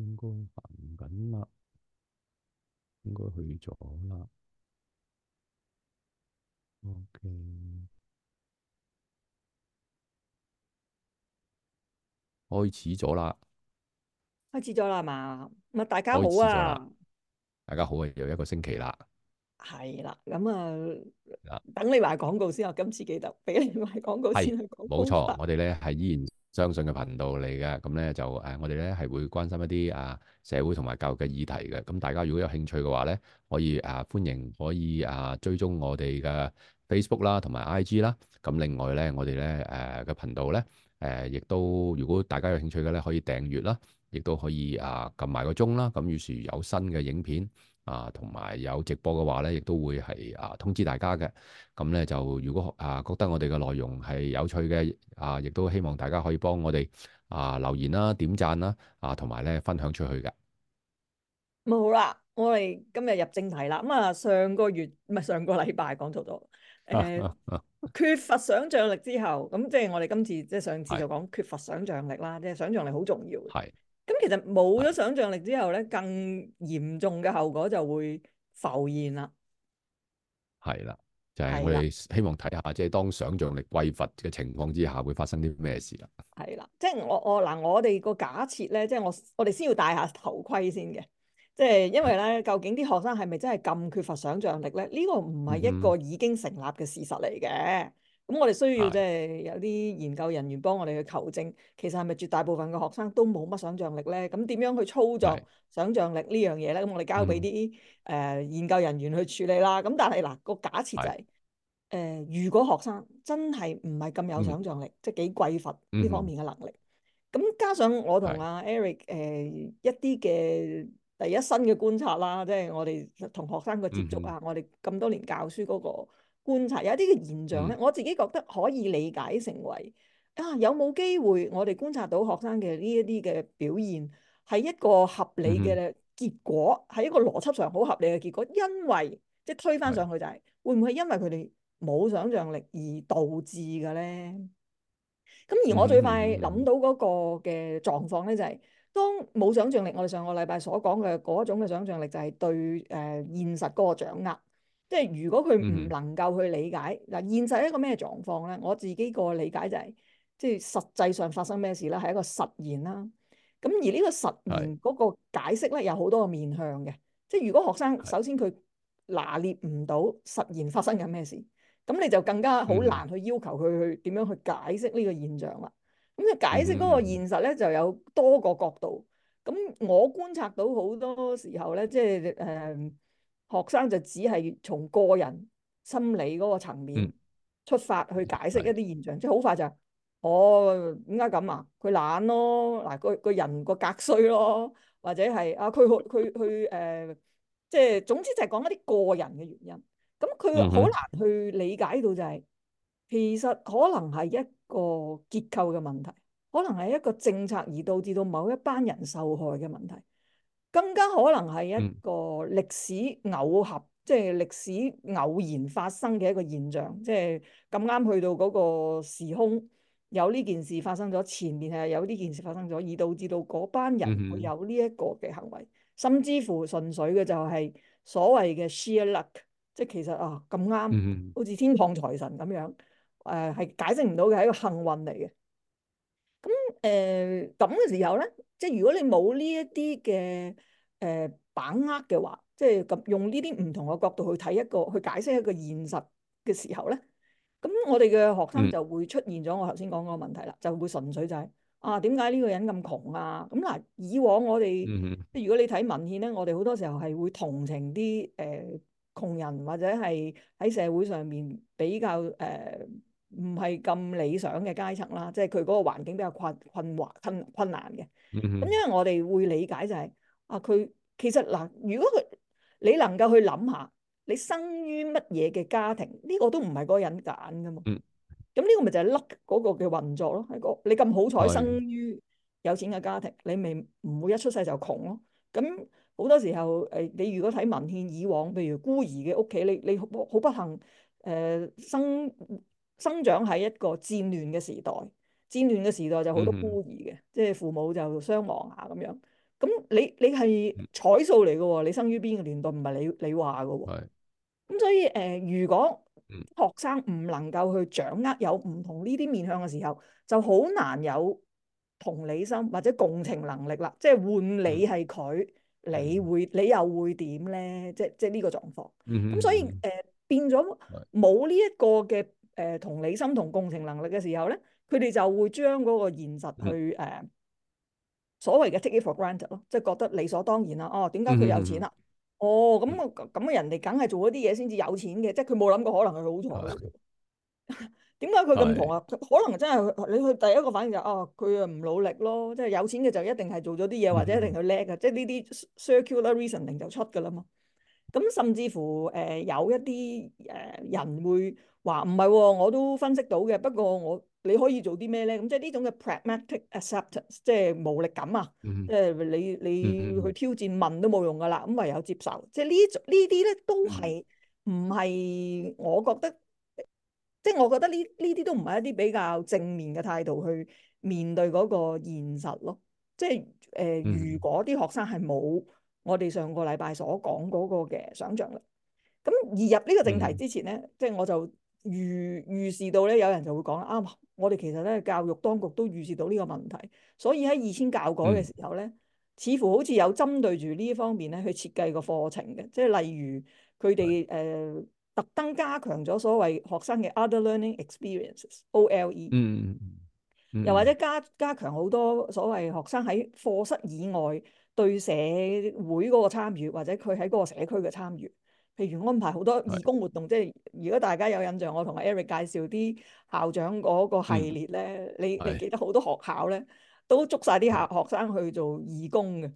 應該行緊啦，應該去咗啦。OK，開始咗啦，開始咗啦嘛。咁啊，大家好啊，大家好啊，又一個星期啦。係啦，咁啊，等你買廣告先啊。我今次記得俾你買廣告先。係，冇錯，我哋咧係依然相信嘅頻道嚟嘅，咁咧就誒、啊，我哋咧係會關心一啲啊社會同埋教育嘅議題嘅，咁、啊、大家如果有興趣嘅話咧，可以誒、啊、歡迎，可以誒、啊、追蹤我哋嘅 Facebook 啦，同埋 IG 啦，咁、啊、另外咧、啊，我哋咧誒嘅頻道咧誒，亦、啊、都如果大家有興趣嘅咧，可以訂閱啦，亦都可以誒撳埋個鐘啦，咁、啊、於是有新嘅影片。啊，同埋有，有直播嘅話咧，亦都會係啊通知大家嘅。咁咧就如果啊覺得我哋嘅內容係有趣嘅啊，亦都希望大家可以幫我哋啊留言啦、啊、點讚啦啊，同埋咧分享出去嘅。冇啦，我哋今日入正題啦。咁啊，上個月唔係上個禮拜講到咗。誒、呃， 缺乏想象力之後，咁即係我哋今次即係上次就講缺乏想象力啦。即係的想象力好重要嘅。係。咁其實冇咗想像力之後咧，係啦，更嚴重嘅後果就會浮現啦。係啦，就係我哋希望睇下，即係當想像力匱乏嘅情況之下，會發生啲咩事啦。係啦，即係我我嗱，我哋個假設咧，即係我我哋先要戴下頭盔先嘅，即係因為咧，究竟啲學生係咪真係咁缺乏想像力咧？呢個唔係一個已經成立嘅事實嚟嘅。嗯咁我哋需要即係有啲研究人員幫我哋去求證，的其實係咪絕大部分嘅學生都冇乜想像力咧？咁點樣去操作想像力呢樣嘢咧？咁我哋交俾啲誒研究人員去處理啦。咁但係嗱、那個假設就係、是、誒的、呃，如果學生真係唔係咁有想像力，的即係幾鬼乏呢方面嘅能力，咁、嗯、哼加上我同阿、啊、Eric 誒、呃、一啲嘅第一身嘅觀察啦，即、就、係、是、我哋同學生嘅接觸啊，嗯、哼我哋咁多年教書嗰、那個。觀察有一啲嘅現象咧，我自己覺得可以理解成為啊，有冇機會我哋觀察到學生嘅呢一啲嘅表現係一個合理嘅結果，係、嗯、一個邏輯上好合理嘅結果。因為即係推返上去就係、是嗯、會唔會係因為佢哋冇想像力而導致嘅咧？咁而我最快諗到嗰個嘅狀況咧，就係、是、當冇想像力，我哋上個禮拜所講嘅嗰種嘅想像力就，就係對誒現實嗰個掌握。即係如果佢唔能夠去理解嗱，mm hmm. 現實係一個咩狀況咧？我自己個理解就係、是，即係實際上發生咩事咧，係一個實驗啦。咁而呢個實驗嗰個解釋咧，有好多個面向嘅。即係如果學生首先佢拿捏唔到實驗發生緊咩事，咁你就更加好難去要求佢去點樣去解釋呢個現象啦。咁就、mm hmm. 解釋嗰個現實咧，就有多個角度。咁我觀察到好多時候咧，即係誒。嗯學生就只係從個人心理嗰個層面出發去解釋一啲現象，嗯、即係好快就係、的哦，點解咁啊？佢懶咯，嗱個個人個格衰咯，或者係啊佢佢佢誒，即係總之就係講一啲個人嘅原因。咁佢好難去理解到就係、是，其實可能係一個結構嘅問題，可能係一個政策而導致到某一班人受害嘅問題。更加可能係一個歷史偶合，嗯、即係歷史偶然發生嘅一個現象，即係咁啱去到嗰個時空，有呢件事發生咗，前面係有呢件事發生咗，而導致到嗰班人會有呢一個嘅行為，嗯嗯、甚至乎純粹嘅就係所謂嘅 sheer luck，即係其實啊咁啱，好似、嗯嗯、天堂財神咁樣，誒、呃、係解釋唔到嘅，係一個幸運嚟嘅。咁誒咁嘅時候咧？即係如果你冇呢一啲嘅誒把握嘅話，即係咁用呢啲唔同嘅角度去睇一個去解釋一個現實嘅時候咧，咁我哋嘅學生就會出現咗我頭先講嗰個問題啦，就會純粹就係、是、啊點解呢個人咁窮啊？咁、嗯、嗱，以往我哋、嗯、哼即如果你睇文獻咧，我哋好多時候係會同情啲誒窮人或者係喺社會上面比較誒唔係咁理想嘅階層啦，即係佢嗰個環境比較困困惑困困難嘅。咁、嗯、因為我哋會理解就係、是、啊佢其實嗱、啊、如果佢你能夠去諗下你生於乜嘢嘅家庭呢、呢個都唔係個人揀噶嘛，咁呢、嗯、個咪就係 luck 嗰個嘅運作咯。你咁好彩生於有錢嘅家庭，的你咪唔會一出世就窮咯。咁好多時候誒、呃，你如果睇文獻以往，譬如孤兒嘅屋企，你你好，好不幸誒、呃、生生長喺一個戰亂嘅時代。戰亂嘅時代就好多孤兒嘅，mm hmm. 即係父母就傷亡啊咁樣。咁你你係彩數嚟嘅，你生於邊個年代唔係你你話嘅。咁、mm hmm. 所以誒、呃，如果學生唔能夠去掌握有唔同呢啲面向嘅時候，就好難有同理心或者共情能力啦。即係換你係佢，mm hmm. 你會你又會點咧？即即係呢個狀況。咁、mm hmm. 所以誒、呃，變咗冇呢一個嘅誒、呃、同理心同共情能力嘅時候咧。佢哋就會將嗰個現實去誒、uh, 所謂嘅 take it for granted 咯，即係覺得理所當然啦。哦，點解佢有錢啦？Mm hmm. 哦，咁咁嘅人哋梗係做一啲嘢先至有錢嘅，即係佢冇諗過可能係好彩嘅。點解佢咁窮啊？Mm hmm. 可能真係你去第一個反應就係、哦，佢啊唔努力咯。即係有錢嘅就一定係做咗啲嘢，或者一定去叻㗎。Mm hmm. 即係呢啲 circular reasoning 就出㗎啦嘛。咁甚至乎誒、呃、有一啲誒、呃、人會話唔係喎，我都分析到嘅，不過我。你可以做啲咩咧？咁即係呢種嘅 p r a g m a t i c a c c e p t a n c e 即係無力感啊！嗯、即係你你去挑戰問都冇用噶啦，咁唯有接受。即係呢種呢啲咧，都係唔係我覺得，嗯、即係我覺得呢呢啲都唔係一啲比較正面嘅態度去面對嗰個現實咯。即係誒、呃，如果啲學生係冇我哋上個禮拜所講嗰個嘅想像力，咁而入呢個正題之前咧，嗯、即係我就。預預示到咧，有人就會講啦，啱、啊，我哋其實咧教育當局都預示到呢個問題，所以喺二千教改嘅時候咧，嗯、似乎好似有針對住呢方面咧去設計個課程嘅，即係例如佢哋誒特登加強咗所謂學生嘅 other learning experiences（OLE），嗯，嗯、又或者加加強好多所謂學生喺課室以外對社會嗰個參與，或者佢喺嗰個社區嘅參與。譬如安排好多義工活動，是即係如果大家有印象，我同阿 Eric 介紹啲校長嗰個系列咧，是你你記得好多學校咧都捉晒啲校學生去做義工嘅，是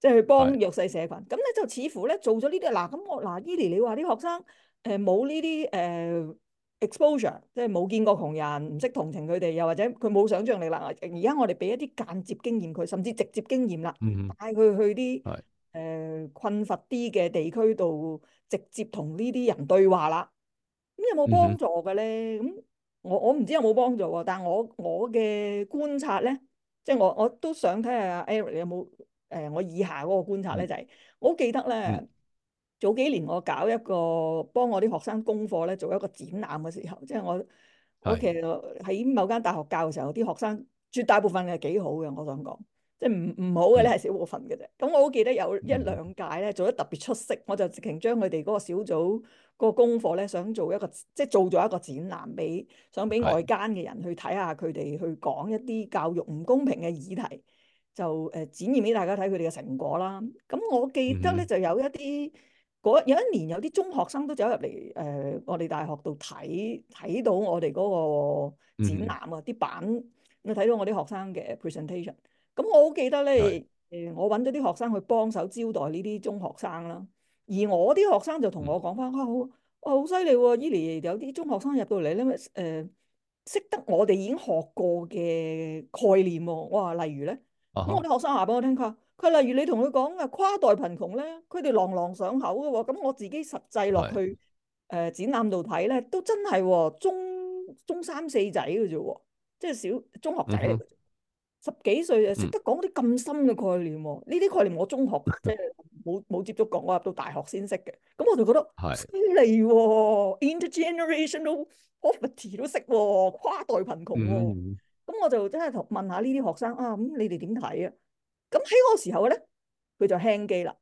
即係去幫弱勢社群。咁咧是就似乎咧做咗呢啲，嗱、啊、咁我嗱 Eli，你話啲學生誒冇呢啲誒 exposure，即係冇見過窮人，唔識同情佢哋，又或者佢冇想像力啦。而家我哋俾一啲間接經驗佢，甚至直接經驗啦，帶佢去啲是。誒、呃，困乏啲嘅地區度，直接同呢啲人對話啦。咁、嗯、有冇幫助嘅咧？咁、mm hmm. 嗯、我我唔知有冇幫助，但係我我嘅觀察咧，即係我我都想睇下 Eric，有冇誒、呃，我以下嗰個觀察咧，mm hmm. 就係、是、我記得咧，早幾年我搞一個幫我啲學生功課咧，做一個展覽嘅時候，即係我、mm hmm. 我其實喺某間大學教嘅時候，啲、mm hmm. 嗯、學生絕大部分係幾好嘅，我想講。即係唔唔好嘅咧，係小部分嘅啫。咁我好記得有一兩屆咧，做得特別出色，我就直情將佢哋嗰個小組個功課咧，想做一個即係做咗一個展覽俾，想俾外間嘅人去睇下佢哋去講一啲教育唔公平嘅議題，就誒、呃、展現俾大家睇佢哋嘅成果啦。咁我記得咧就有一啲嗰、mm hmm. 有一年有啲中學生都走入嚟誒我哋大學度睇睇到我哋嗰個展覽啊啲板，咁睇、mm hmm. 到我啲學生嘅 presentation。咁我好記得咧，誒是、呃，我揾咗啲學生去幫手招待呢啲中學生啦。而我啲學生就同我講翻，嗯、啊好，哇啊好犀利喎！依啲有啲中學生入到嚟咧，誒、呃，識得我哋已經學過嘅概念喎、啊。我話例如咧，咁、啊、哼我啲學生話俾我聽，佢佢例如你同佢講啊，跨代貧窮咧，佢哋朗朗上口嘅喎、啊。咁我自己實際落去誒是、呃、展覽度睇咧，都真係、啊、中中三四仔嘅啫喎，即係小中學仔。十幾歲就識得講啲咁深嘅概念喎、哦，呢啲概念我中學即係冇冇接觸過，我入到大學先識嘅，咁我就覺得犀利喎是、哦，intergenerational poverty 都識喎、哦，跨代貧窮喎、哦，咁 我就真係問下呢啲學生啊，咁、嗯、你哋點睇啊？咁喺嗰個時候咧，佢就輕機啦，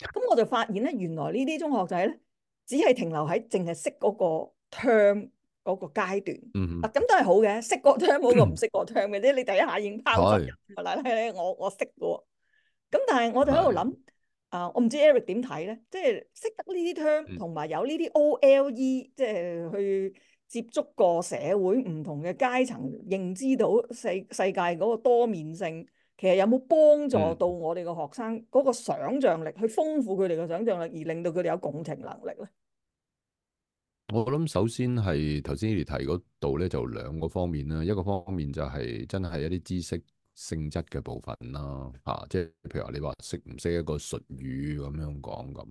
咁我就發現咧，原來呢啲中學仔咧，只係停留喺淨係識嗰個 term，嗰個階段，啊，咁都係好嘅，識個 term 冇個唔識個 term 嘅，即係你第一下已經拋出嚟咧，我我識嘅喎。咁但係我就喺度諗，啊，我唔知 Eric 點睇咧，即係識得呢啲 term 同埋有呢啲 OLE，即係去接觸過社會唔同嘅階層，認知到世世界嗰個多面性，其實有冇幫助到我哋嘅學生嗰個想像力，去豐富佢哋嘅想像力，而令到佢哋有共情能力咧？我諗首先係頭先你提嗰度咧，就兩個方面啦。一個方面就係真係一啲知識性質嘅部分啦，吓，即係譬如話你話識唔識一個術語咁樣講咁。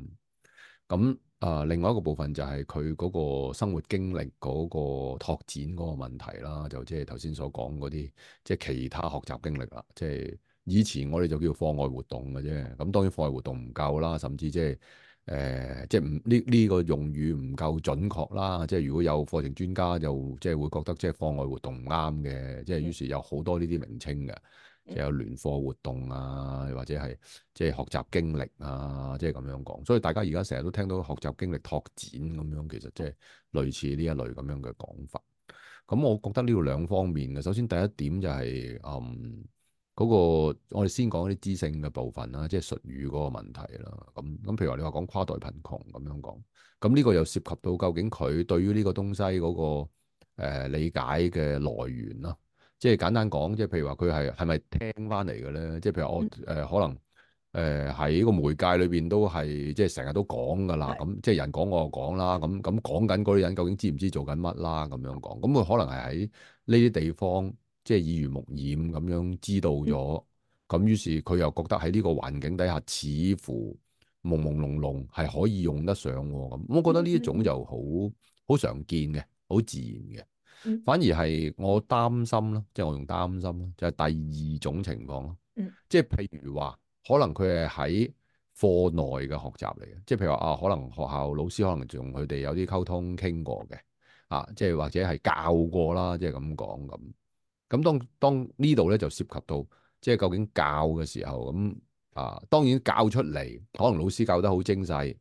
咁啊，另外一個部分就係佢嗰個生活經歷嗰個拓展嗰個問題啦，就即係頭先所講嗰啲，即係其他學習經歷啦。即係以前我哋就叫課外活動嘅啫。咁當然課外活動唔夠啦，甚至即係。誒、呃，即係唔呢呢個用語唔夠準確啦。即係如果有課程專家就，就即係會覺得即係課外活動唔啱嘅。即係於是有好多呢啲名稱嘅，即有聯課活動啊，或者係即係學習經歷啊，即係咁樣講。所以大家而家成日都聽到學習經歷拓展咁樣，其實即係類似呢一類咁樣嘅講法。咁我覺得呢度兩方面嘅，首先第一點就係、是、嗯。嗰個我哋先講啲知性嘅部分啦，即係術語嗰個問題啦。咁咁，譬如話你話講跨代貧窮咁樣講，咁呢個又涉及到究竟佢對於呢個東西嗰個誒理解嘅來源啦。即係簡單講，即係譬如話佢係係咪聽翻嚟嘅咧？即係譬如我誒嗯可能誒喺個媒介裏邊都係即係成日都講噶啦。咁即係人講我就講啦。咁咁講緊嗰啲人究竟知唔知做緊乜啦？咁樣講，咁佢可能係喺呢啲地方。即係耳濡目染咁樣知道咗，咁、嗯、於是佢又覺得喺呢個環境底下，似乎朦朦朧朧係可以用得上喎。咁、嗯，我覺得呢一種就好好常見嘅，好自然嘅。嗯、反而係我擔心啦，即係我用擔心啦，就係第二種情況咯。即係、嗯、譬如話，可能佢係喺課內嘅學習嚟嘅，即係譬如話啊，可能學校老師可能仲佢哋有啲溝通傾過嘅啊，即係或者係教過啦，即係咁講咁。咁當當呢度咧就涉及到，即係究竟教嘅時候咁啊，當然教出嚟可能老師教得好精細，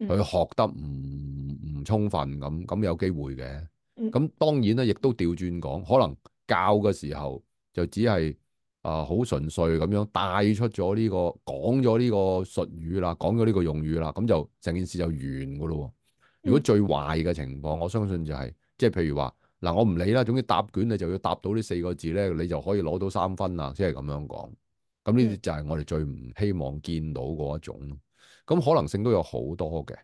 佢學得唔唔充分咁，咁有機會嘅。咁當然咧，亦都調轉講，可能教嘅時候就只係啊好純粹咁樣帶出咗呢個講咗呢個術語啦，講咗呢個用語啦，咁就成件事就完㗎咯。如果最壞嘅情況，我相信就係即係譬如話。嗱，我唔理啦。總之答卷你就要答到呢四個字咧，你就可以攞到三分啦。即係咁樣講。咁呢啲就係我哋最唔希望見到嗰一種。咁可能性都有好多嘅。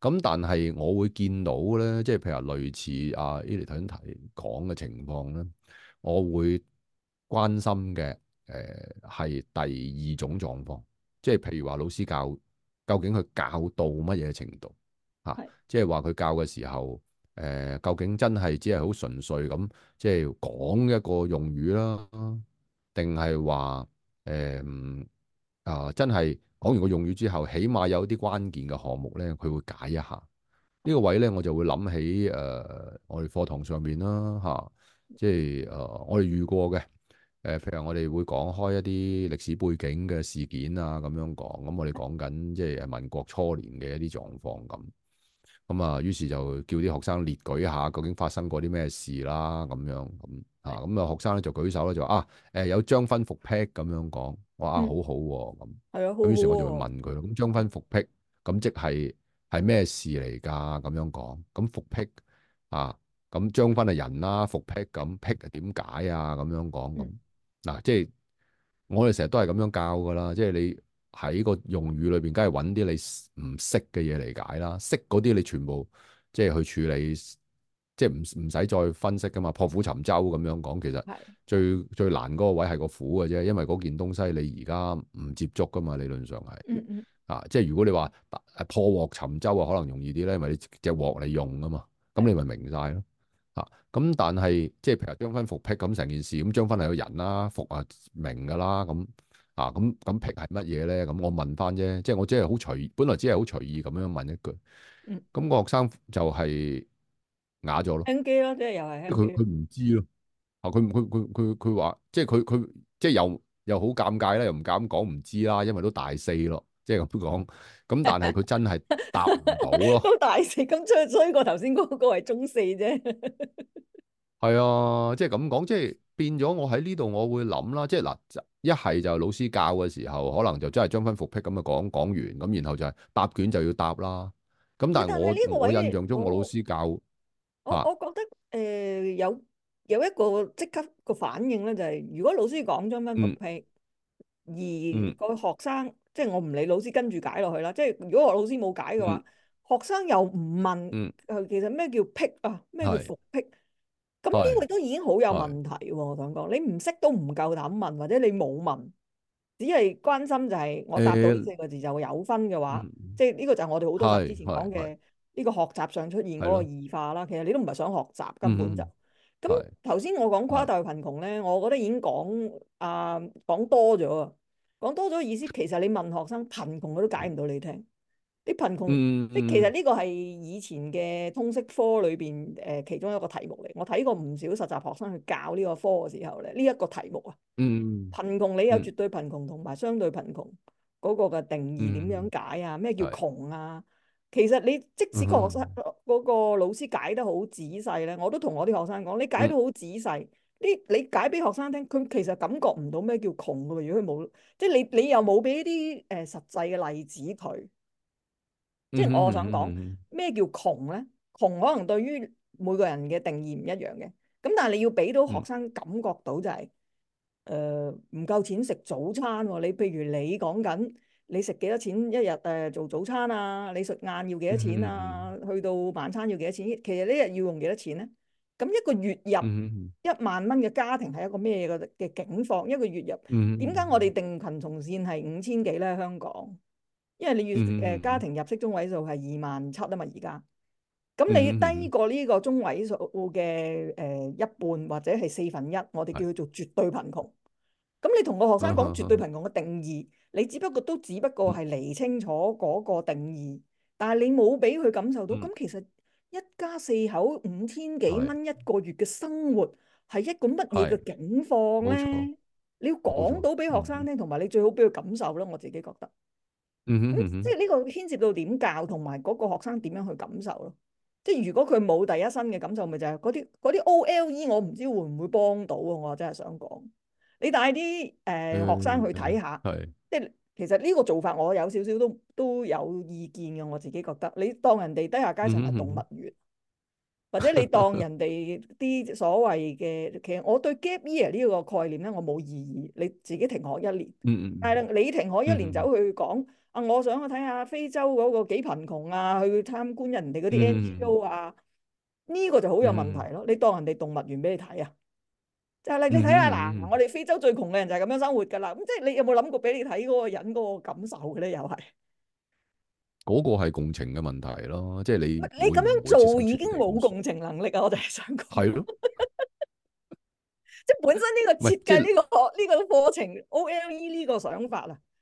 咁但係我會見到咧，即係譬如類似阿 Eli 頭先提講嘅情況咧，我會關心嘅誒係第二種狀況，即係譬如話老師教究竟佢教到乜嘢程度嚇？即係話佢教嘅時候。誒究竟真係只係好純粹咁，即係講一個用語啦，定係話誒啊真係講完個用語之後，起碼有啲關鍵嘅項目咧，佢會解一下呢個位咧，我就會諗起誒我哋課堂上面啦嚇，即係誒我哋遇過嘅誒，譬如我哋會講開一啲歷史背景嘅事件啊咁樣講，咁我哋講緊即係民國初年嘅一啲狀況咁。咁啊，於是就叫啲學生列舉一下，究竟發生過啲咩事啦，咁樣咁啊，咁啊學生咧就舉手咧就話啊，誒有張勳復辟。」咁樣講，哇好好喎咁，係啊，好，咁於是我就會問佢咁張勳復辟，咁即係係咩事嚟㗎？咁樣講，咁復辟。」啊，咁張勳係人啦，復辟。咁辟係點解啊？咁樣講咁嗱，即係我哋成日都係咁樣教㗎啦，即係你。喺個用語裏邊，梗係揾啲你唔識嘅嘢嚟解啦。識嗰啲你全部即係去處理，即係唔唔使再分析噶嘛。破釜沉舟咁樣講，其實最的最，最難嗰個位係個釜嘅啫，因為嗰件東西你而家唔接觸噶嘛。理論上係，嗯嗯啊，即係如果你話破鑊沉舟啊，可能容易啲咧，因為你隻鑊你用噶嘛。咁你咪明晒咯。的啊，咁但係即係譬如張勳復辟咁成件事，咁張勳係個人啦，復啊明噶啦咁。啊，咁咁評係乜嘢咧？咁我問翻啫，即係我即係好隨意，本來只係好隨意咁樣問一句。咁個學生就係啞咗咯。N G 咯，即係又係。佢佢唔知咯，啊，佢佢佢佢佢話，即係佢佢即係又又好尷尬啦，又唔敢講唔知啦，因為都大四咯，即係咁講。咁但係佢真係答唔到咯。都 大四，咁最最過頭先嗰個係中四啫。係 啊，即係咁講，即係變咗。我喺呢度，我會諗啦，即係嗱。一係就是老師教嘅時候，可能就真係將分復辟咁啊講，講完咁，然後就係答卷就要答啦。咁但係我但個位置我印象中，我老師教我我，我覺得誒、呃、有有一個即刻個反應咧、就是，就係如果老師講將分復辟，嗯、而個學生即係、就是、我唔理老師跟住解落去啦。即、就、係、是、如果我老師冇解嘅話，嗯、學生又唔問。其實咩叫辟？」嗯？啊？咩叫復辟」？咁呢個都已經好有問題喎。是我想講，你唔識都唔夠膽問，是或者你冇問，只係關心就係我答到呢四個字就會有分嘅話，欸、即係呢個就係我哋好多之前講嘅呢個學習上出現嗰個異化啦。的其實你都唔係想學習根的本，就咁頭先我講跨代貧窮咧，我覺得已經講啊講多咗啊，講多咗意思其實你問學生貧窮佢都解唔到你聽。你貧窮，嗯嗯、其實呢個係以前嘅通識科裏邊誒其中一個題目嚟。我睇過唔少實習學生去教呢個科嘅時候咧，呢、這、一個題目啊，嗯、貧窮你有絕對貧窮同埋相對貧窮嗰個嘅定義點樣解啊？咩、嗯、叫窮啊？嗯、其實你即使個學生嗰、嗯、個老師解得好仔細咧，我都同我啲學生講，你解得好仔細。呢你解俾學生聽，佢其實感覺唔到咩叫窮噶。如果佢冇即係你，你又冇俾一啲誒實際嘅例子佢。即係我想講咩叫窮咧？窮可能對於每個人嘅定義唔一樣嘅。咁但係你要俾到學生感覺到就係誒唔夠錢食早餐喎、哦。你譬如你講緊你食幾多錢一日誒做早餐啊？你食晏要幾多錢啊？嗯嗯、去到晚餐要幾多錢？其實呢日要用幾多錢咧？咁一個月入、嗯嗯嗯、一萬蚊嘅家庭係一個咩嘅嘅境況？一個月入點解、嗯嗯、我哋定貧窮線係五千幾咧？香港？因為你月誒家庭入息中位數係二萬七啊嘛，而家咁你低過呢個中位數嘅誒一半或者係四分一，我哋叫佢做絕對貧窮。咁你同個學生講絕對貧窮嘅定義，你只不過都只不過係釐清楚嗰個定義，但係你冇俾佢感受到。咁其實一家四口五千幾蚊一個月嘅生活係一個乜嘢嘅境況咧？你要講到俾學生聽，同埋你最好俾佢感受咯。我自己覺得。嗯哼，即係呢個牽涉到點教，同埋嗰個學生點樣去感受咯？即係如果佢冇第一身嘅感受，咪就係嗰啲啲 OLE，我唔知會唔會幫到啊？我真係想講，你帶啲誒學生去睇下，嗯嗯、即係其實呢個做法我有少少都都有意見嘅。我自己覺得，你當人哋低下階層嘅動物園，嗯、哼或者你當人哋啲所謂嘅， 其實我對 gap year 呢個概念咧，我冇異議。你自己停學一年，嗯嗯哼，但係你停學一年走去講。啊！我想去睇下非洲嗰個幾貧窮啊，去參觀人哋嗰啲 NGO 啊，呢個就好有問題咯。你當人哋動物園俾你睇啊？就係你睇下嗱，我哋非洲最窮嘅人就係咁樣生活噶啦。咁即係你有冇諗過俾你睇嗰個人嗰個感受嘅咧？又係嗰個係共情嘅問題咯。即係你你咁樣做已經冇共情能力啊！我就係想講，係咯，即係本身呢個設計呢個呢個課程 OLE 呢個想法啊。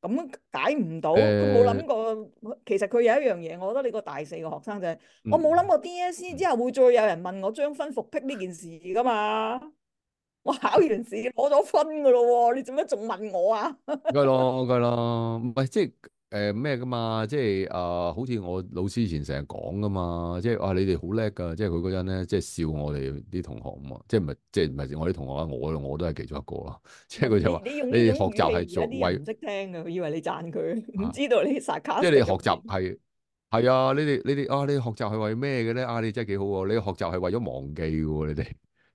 咁解唔到，佢冇諗過。其實佢有一樣嘢，我覺得你個大四嘅學生就係、是，我冇諗過 DSE 之後會再有人問我將分復辟呢件事噶嘛？我考完試攞咗分噶咯喎，你做咩仲問我啊？唔該咯，唔該咯，唔係即係。誒咩噶嘛，即係啊、呃，好似我老師以前成日講噶嘛，即係啊你哋好叻噶，即係佢嗰陣咧，即係笑我哋啲同學啊嘛，即係唔係，即係唔係我啲同學啊，我我都係其中一個咯，即係佢就話你哋學習係做為唔識聽佢以為你讚佢，唔、啊、知道你 sarcastic。即係你學習係係啊，你哋你哋啊，你學習係為咩嘅咧？啊，你真係幾好喎，你學習係為咗忘記噶喎，你哋。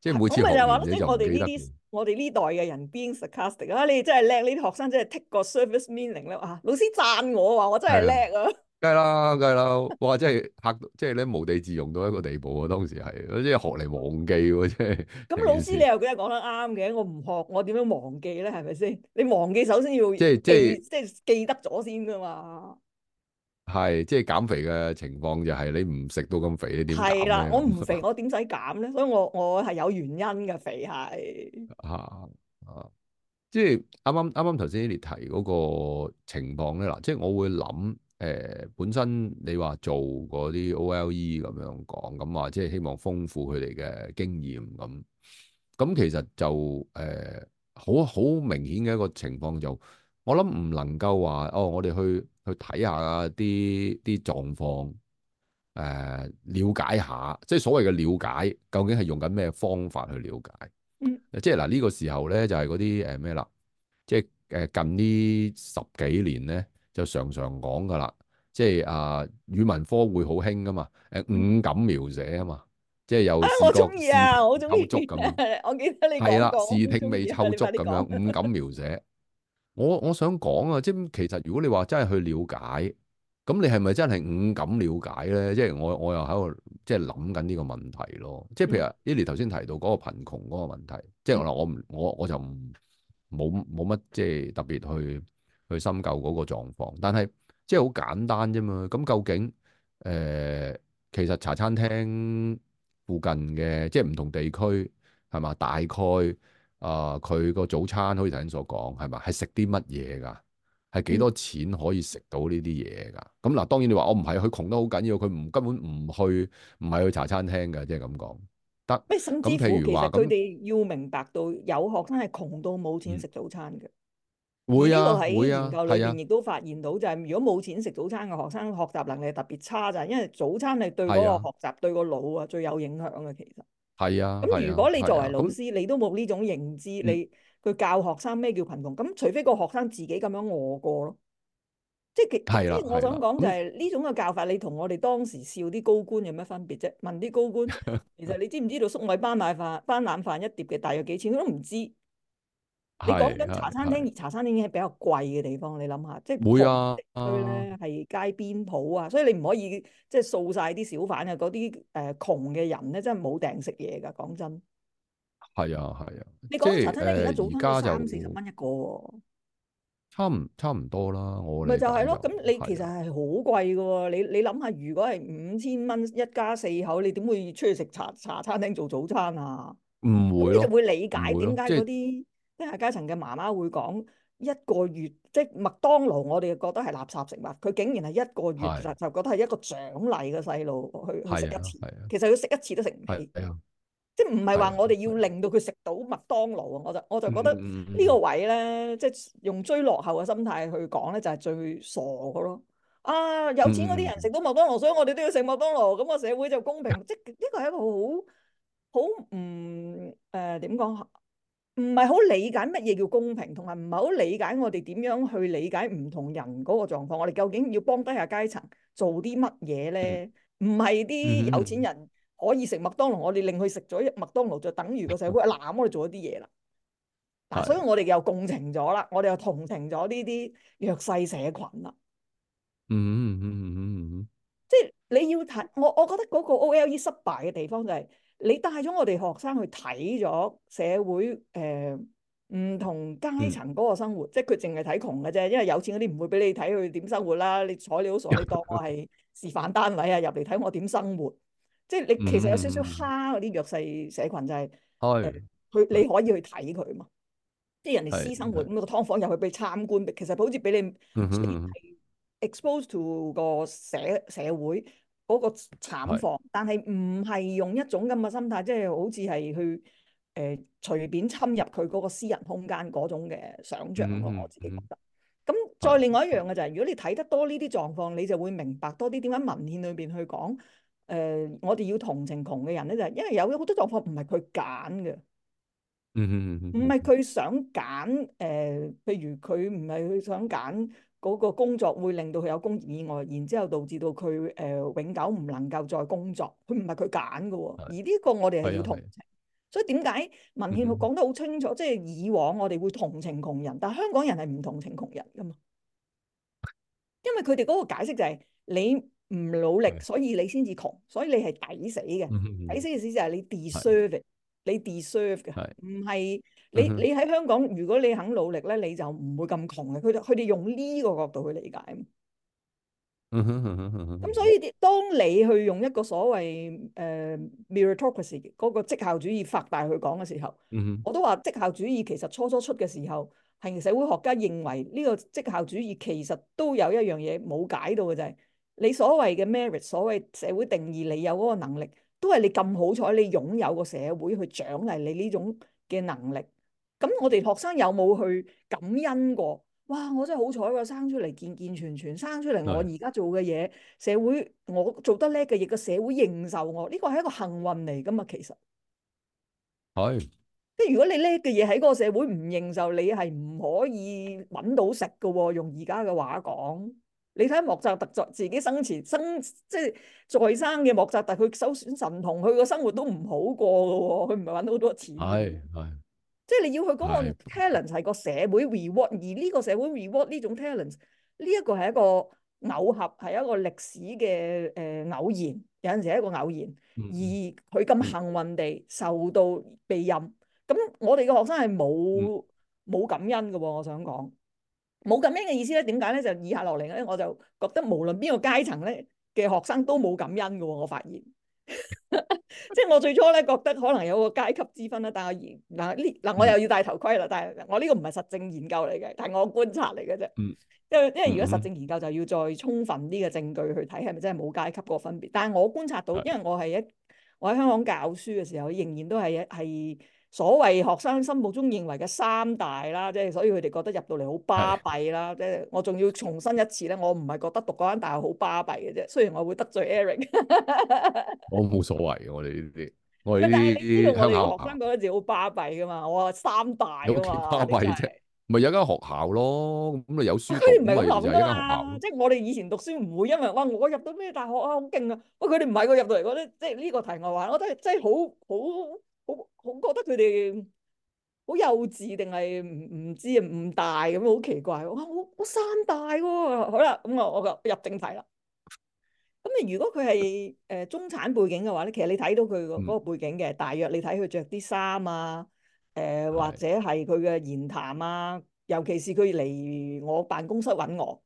即係每次，你就記得。咪就話咯，即係我哋呢啲，我哋呢代嘅人 being sarcastic 啊！你真係叻，呢啲學生真係 take 個 service meaning 咧，哇！老師讚我話我真係叻啊！梗係啦，梗係啦，哇！真係嚇，即係咧，無地自容到一個地步啊！當時係，即係學嚟忘記喎，即係。咁老師是你又講得啱嘅，我唔學我點樣忘記咧？係咪先？你忘記首先要即係是即係是記得咗先㗎嘛。係，即係減肥嘅情況就係你唔食到咁肥，你點減咧？係啦，我唔肥，我點使減咧？所以我我係有原因嘅肥係。吓、啊，啊，即係啱啱啱啱頭先你提嗰個情況咧，嗱，即係我會諗，誒、呃，本身你話做嗰啲 O L E 咁樣講，咁話即係希望豐富佢哋嘅經驗咁，咁、嗯、其實就誒好好明顯嘅一個情況就是，我諗唔能夠話哦，我哋去。去睇下啲啲狀況，誒、呃，瞭解下，即係所謂嘅了解，究竟係用緊咩方法去了解？嗯，即係嗱呢個時候咧，就係嗰啲誒咩啦，即係誒近呢十幾年咧，就常常講噶啦，即係啊、呃、語文科會好興噶嘛，誒五感描寫啊嘛，即係有視覺、視嗅觸咁。我，啊我，啊、我記得你講過係啦，視聽味嗅觸咁樣五感描寫。 我我想講啊，即係其實如果你話真係去了解，咁你係咪真係唔敢了解咧？即係我我又喺度即係諗緊呢個問題咯。即係譬如 Lily 頭先提到嗰個貧窮嗰個問題，嗯、即係嗱我唔我我就冇冇乜即係特別去去深究嗰個狀況。但係即係好簡單啫嘛。咁究竟誒、呃、其實茶餐廳附近嘅即係唔同地區係嘛大概？啊！佢個、呃、早餐好似頭先所講係嘛？係食啲乜嘢㗎？係幾多錢可以食到呢啲嘢㗎？咁嗱、嗯，當然你話我唔係佢窮得好緊要，佢唔根本唔去，唔係去茶餐廳㗎，即係咁講得。咩？甚至乎其實佢哋要明白到有學生係窮到冇錢食早餐嘅、嗯。會啊，會啊。研究裏邊亦都發現到就係，如果冇錢食早餐嘅學生，啊、學習能力特別差就係，因為早餐係對嗰個學習對個腦啊最有影響嘅，其實。係啊，咁、嗯嗯、如果你作為老師，嗯、你都冇呢種認知，你佢教學生咩叫貧窮？咁除非個學生自己咁樣餓過咯，即係即係我想講就係、是、呢的種嘅教法，你同我哋當時笑啲高官有咩分別啫？問啲高官，其實你知唔知道粟米 斑腩飯，斑腩飯一碟嘅大約幾錢？佢都唔知。你講緊茶餐廳，茶餐廳已經係比較貴嘅地方。你諗下，即係唔會啊？佢咧係街邊鋪啊，所以你唔可以即係掃晒啲小販啊嗰啲誒窮嘅人咧，真係冇訂食嘢噶。講真，係啊，係啊。你講茶餐廳而家早餐三四十蚊一個，差唔差唔多啦。我咪就係咯。咁你其實係好貴嘅喎。你你諗下，如果係五千蚊一家四口，你點會出去食茶茶餐廳做早餐啊？唔會，你就會理解點解嗰啲。低下階層嘅媽媽會講一個月，即係麥當勞，我哋覺得係垃圾食物，佢竟然係一個月其實就就覺得係一個獎勵嘅細路去食一次，的其實佢食一次都食唔起，即係唔係話我哋要令到佢食到麥當勞啊？我就我就覺得呢個位咧，即係、嗯、用追落後嘅心態去講咧，就係、是、最傻嘅咯。啊，有錢嗰啲人食到麥當勞，所以我哋都要食麥當勞，咁個社會就公平，即係呢個係一個好好唔誒點講？唔係好理解乜嘢叫公平，同埋唔係好理解我哋點樣去理解唔同人嗰個狀況。我哋究竟要幫低下階層做啲乜嘢咧？唔係啲有錢人可以食麥當勞，我哋令佢食咗麥當勞就等於個社會攬我哋做咗啲嘢啦。嗱是、啊，所以我哋又共情咗啦，我哋又同情咗呢啲弱勢社群啦、嗯。嗯嗯嗯嗯嗯嗯，嗯嗯嗯即係你要睇我，我覺得嗰個 OLE 失敗嘅地方就係、是。你帶咗我哋學生去睇咗社會誒、呃、唔同階層嗰個生活，嗯、即係佢淨係睇窮嘅啫，因為有錢嗰啲唔會俾你睇佢點生活啦。你坐你好傻，你當我係示範單位啊，入嚟睇我點生活，即係你其實有少少蝦嗰啲弱勢社群，就係，佢你可以去睇佢嘛，即係是人哋私生活咁、個劏房入去俾參觀，其實好似俾你嗯、嗯、exposed to 個社社會，嗰個慘況，但係唔係用一種咁嘅心態，即係是好似係去誒、呃、隨便侵入佢嗰個私人空間嗰種嘅想像咯。嗯、我自己覺得。咁、嗯、再另外一樣嘅就係、是，如果你睇得多呢啲狀況，你就會明白多啲點解文獻裏邊去講誒、呃，我哋要同情窮嘅人咧，就係、是、因為有好多狀況唔係佢揀嘅。嗯嗯、唔係佢想揀誒，譬、呃、如佢唔係佢想揀。呃嗰個工作會令到佢有工業意外，然之後導致到佢誒、呃、永久唔能夠再工作。佢唔係佢揀㗎喎，的而呢個我哋係要同情。所以點解文獻佢講得好清楚。嗯、即係以往我哋會同情窮人，但係香港人係唔同情窮人噶嘛？因為佢哋嗰個解釋就係、是、你唔努力的所，所以你先至窮，所以你係抵死嘅。嗯嗯、抵死嘅意思就係你 deserve it, 的 deserve it，你 deserve 嘅，唔係的。你你喺香港，如果你肯努力咧，你就唔會咁窮嘅。佢哋佢哋用呢個角度去理解。咁 所以啲，當你去用一個所謂誒 meritocracy 嗰個績效主義發大去講嘅時候， 我都話績效主義其實初初出嘅時候，係社會學家認為呢個績效主義其實都有一樣嘢冇解到嘅就係，你所謂嘅 merit，所謂社會定義你有嗰個能力，都係你咁好彩，你擁有個社會去獎勵你呢種嘅能力。咁我哋學生有冇去感恩過？哇！我真係好彩喎，生出嚟健健全全，生出嚟我而家做嘅嘢，是的 社會我做得叻嘅嘢，個社會認受我，呢個係一個幸運嚟㗎嘛，其實係。即係是的 如果你叻嘅嘢喺嗰個社會唔認受你，係唔可以揾到食㗎喎。用而家嘅話講，你睇莫扎特在自己生前生即係在生嘅莫扎特，佢收選神童，佢個生活都唔好過㗎喎。佢唔係揾到好多錢。係係。即係你要去嗰個 talent 係個社會 reward，而呢個社會 reward 呢種 talent 呢一個係一個偶合，係一個歷史嘅誒、呃、偶然，有陣時係一個偶然，而佢咁幸運地受到被任。咁我哋嘅學生係冇冇感恩㗎喎、哦，我想講冇感恩嘅意思咧，點解咧？就以下落嚟咧，我就覺得無論邊個階層咧嘅學生都冇感恩㗎喎，我發現。 即係我最初咧覺得可能有個階級之分啦，但係而嗱呢嗱我又要戴頭盔啦，但係我呢個唔係實證研究嚟嘅，但係我觀察嚟嘅啫。嗯，因為因為如果實證研究就要再充分啲嘅證據去睇係咪真係冇階級個分別，但係我觀察到，因為我係一我喺香港教書嘅時候，仍然都一係。所謂學生心目中認為嘅三大啦，即係所以佢哋覺得入到嚟好巴閉啦。的即係我仲要重新一次咧，我唔係覺得讀嗰間大學好巴閉嘅啫。雖然我會得罪 Eric，哈哈，我冇所謂嘅。我哋呢啲，我哋呢啲學生覺得自己好巴閉噶嘛。我話三大喎，有幾巴閉啫？咪有間學校咯，咁咪有書讀咪就係間學校。即係我哋以前讀書唔會，因為哇，我入到咩大學啊，好勁啊！喂，佢哋唔係個入到嚟覺得即係呢個題外話，我覺得真係好好。好，覺得佢哋好幼稚定係唔，唔知唔大咁，好奇怪，哇！好，好，山大喎，好啦，咁我我入正題啦。咁你如果佢係誒中產背景嘅話咧，其實你睇到佢個嗰背景嘅，嗯、大約你睇佢着啲衫啊，誒、呃、是或者係佢嘅言談啊，尤其是佢嚟我辦公室揾我，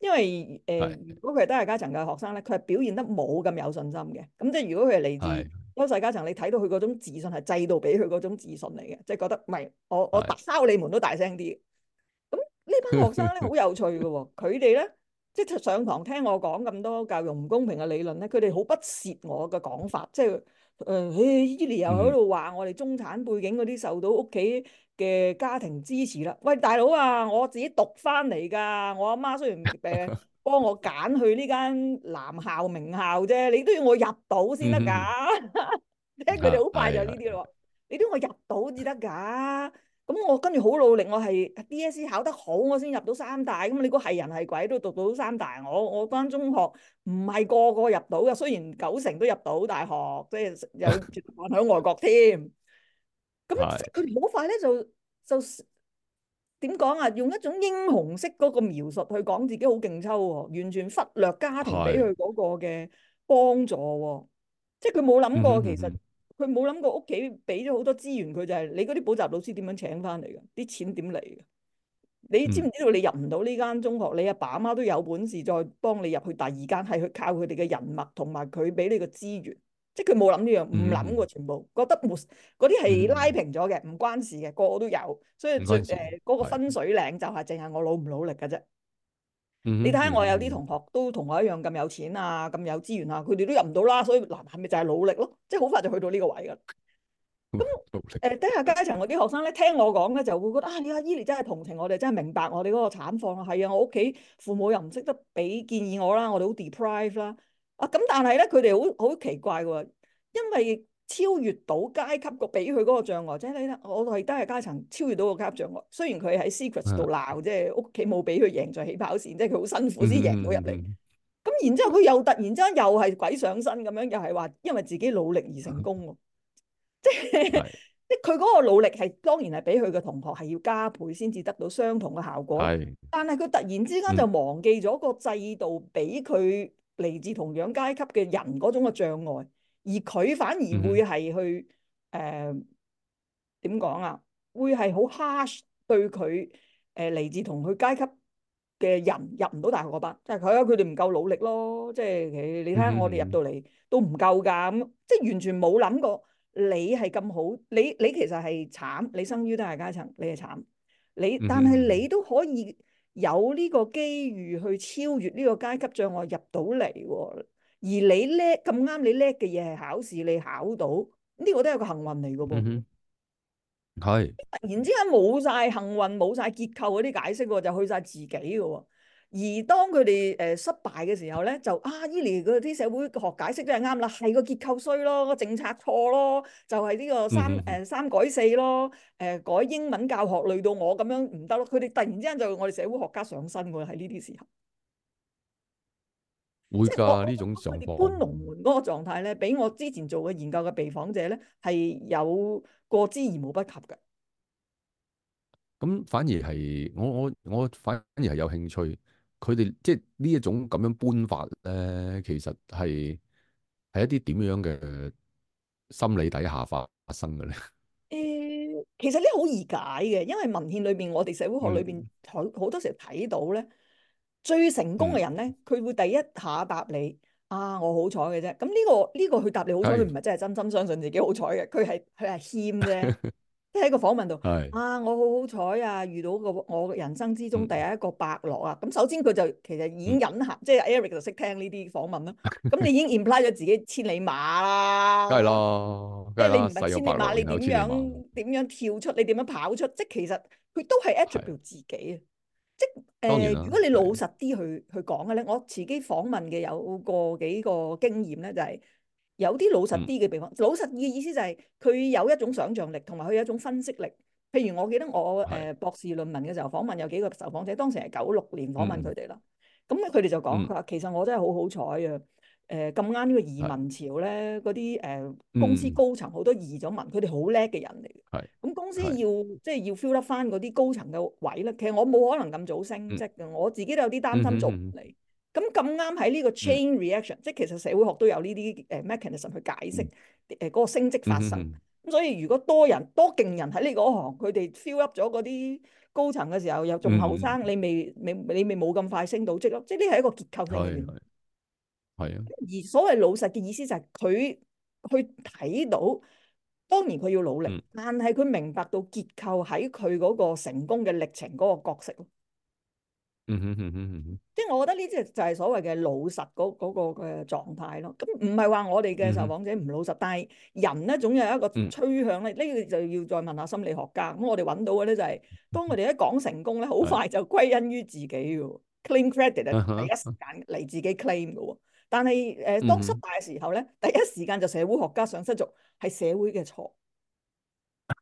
因為誒、呃、是如果佢係低下階層嘅學生咧，佢係表現得冇咁有，有信心嘅。咁即係如果佢係嚟自優勢階層，你睇到佢嗰種自信係制度俾佢嗰種自信嚟嘅，即係覺得唔係我我敲你門都大聲啲。咁呢班學生咧好有趣嘅喎，佢哋咧即係上堂聽我講咁多教育唔公平嘅理論咧，佢哋好不屑我嘅講法，即係誒，伊研又喺度話我哋中產背景嗰啲受到屋企嘅家庭支持啦。 喂大佬啊，我自己讀翻嚟㗎，我阿媽雖然唔識。 幫我揀去呢間男校名校啫，你都要我入到先得噶。你睇佢哋好快就呢啲咯喎，yeah, 你都要我入到至得噶。咁我跟住好努力，我係 DSE 考得好，我先入到三大。咁你估係人係鬼都讀到三大。我我間中學唔係個個入到噶，雖然九成都入到大學，即係有住響 外國添。咁佢唔好快咧就就。就點講啊？用一種英雄式嗰個描述去講自己好勁抽，完全忽略家庭俾佢嗰個嘅幫助啊，是即係佢冇諗過，其實佢冇諗過屋企俾咗好多資源，佢 就係你嗰啲補習老師點樣請翻嚟嘅？啲錢點嚟嘅？你知唔知道你入唔到呢間中學， 你阿爸阿媽都有本事再幫你入去第二間，係去靠佢哋嘅人脈同埋佢俾你嘅資源。即係佢冇諗呢樣，唔諗嘅，全部覺得冇嗰啲係拉平咗嘅，唔、嗯、關事嘅，個個都有。所以最誒、呃嗰個分水嶺就係淨係我努唔努力嘅啫。嗯、哼你睇下我有啲同學都同我一樣咁有錢啊，咁有資源啊，佢哋都入唔到啦。所以嗱，係、呃、咪就係努力咯？即係好快就去到呢個位噶。咁，誒低、嗯、下階層嗰啲學生咧，聽我講咧，就會覺得啊，你阿 Eli 真係同情我哋，真係明白我哋嗰個慘況啊。係啊，我屋企父母又唔識得俾建議我啦，我哋好 deprive 啦。咁、啊、但係咧，佢哋好好奇怪嘅，因為超越到階級局俾佢嗰個障礙，即、就、係、是、我係都嘅階層，超越到個階級障礙。雖然佢喺 Secrets 度鬧，嗯、即係屋企冇俾佢贏在起跑線，即係佢好辛苦先贏到入嚟。咁然之後佢又突然之間又係鬼上身咁樣，又係話因為自己努力而成功。嗯、即係即佢嗰個努力係當然係俾佢嘅同學係要加倍先至得到相同嘅效果。是但係佢突然之間就忘記咗個制度俾佢。嚟自同樣階級嘅人嗰種嘅障礙，而佢反而會係去誒點講啊？會係好 harsh 對佢誒嚟自同佢階級嘅人入唔到大學嗰班，即係佢佢哋唔夠努力咯。即係你睇下我哋入到嚟都唔夠㗎，咁、mm hmm. 即係完全冇諗過你係咁好，你你其實係慘，你生於低下階層，你係慘，你但係你都可以。Mm hmm. 有呢個機遇去超越呢個階級障礙入到嚟，而你叻咁啱，你叻嘅嘢係考試，你考到呢、這個都係個幸運嚟噶噃，係、mm hmm. 突然之間冇晒幸運，冇晒結構嗰啲解釋，就去晒自己噶。而當佢哋誒失敗嘅時候咧，就啊，依年個啲社會學解釋都係啱啦，係個結構衰咯，個政策錯咯，就係、是、呢個三誒、嗯呃、三改四咯，誒、呃、改英文教學累到我咁樣唔得咯。佢哋突然之間就我哋社會學家上身喎，喺呢啲時候會㗎的呢我種情況，搬龍門嗰個狀態咧，比我之前做嘅研究嘅被訪者咧係有過之而無不及嘅。咁、嗯、反而係我我我反而係有興趣。佢哋即係呢一種咁樣搬法咧，其實係係一啲點樣嘅心理底下發生嘅咧。誒、嗯，其實呢好易解嘅，因為文獻裏邊，我哋社會學裏邊，好好、嗯、多時睇到咧，最成功嘅人咧，佢、嗯、會第一下答你啊，我好彩嘅啫。咁呢、呢個呢、呢個佢答你好彩，佢唔係真係真心相信自己好彩嘅，佢係佢係謙啫。 即係喺個訪問度，啊，我好好彩啊！遇到個我人生之中第一個伯樂啊！咁首先佢就其實已經隱含，即係 Eric 就識聽呢啲訪問啦。咁你已經 imply 咗自己千里馬啦。梗係啦，即係你唔係千里馬，你點樣點樣跳出？你點樣跑出？即係其實佢都係 attribute 自己啊。即係誒，如果你老實啲去去講嘅咧，我自己訪問嘅有個幾個經驗咧，就係。有啲老實啲嘅地方，老實嘅意思就係佢有一種想像力，同埋佢有一種分析力。譬如我記得我誒博士論文嘅時候訪問有幾個受訪者，當時係九六年訪問佢哋啦。咁咧佢哋就講佢話其實我真係好好彩啊！誒咁啱呢個移民潮咧，嗰啲誒公司高層好多移咗民，佢哋好叻嘅人嚟嘅。咁公司要即係要 fill 得翻嗰啲高層嘅位咧。其實我冇可能咁早升職，即係我自己都有啲擔心做唔嚟。咁咁啱喺呢個 chain reaction，嗯、即係其實社會學都有呢啲誒 mechanism 去解釋誒嗰、嗯呃嗰個升職發生。咁、嗯嗯嗯、所以如果多人多勁人喺呢個行，佢哋 fill up 咗嗰啲高層嘅時候，又仲後生，你未未你未冇咁快升到職咯。即係呢係一個結構嘅係啊。而所謂老實嘅意思就係佢去睇到，當然佢要努力，嗯、但係佢明白到結構喺佢嗰個成功嘅歷程嗰個角色咯。嗯哼，嗯哼、嗯、哼哼哼即係我覺得呢，即就係所謂嘅老實嗰嗰個嘅狀態咯。咁唔係話我哋嘅受訪者唔老實，嗯、哼但係人咧總有一個趨向咧。呢、嗯、哼個就要再問下心理學家。咁我哋搵到嘅咧就係、是，當我哋一講成功咧，好快就歸因於自己嘅 claim credit，是第一時間嚟自己 claim 嘅。但係誒、呃，當失敗嘅時候咧，第一時間就社會學家想失族係社會嘅錯，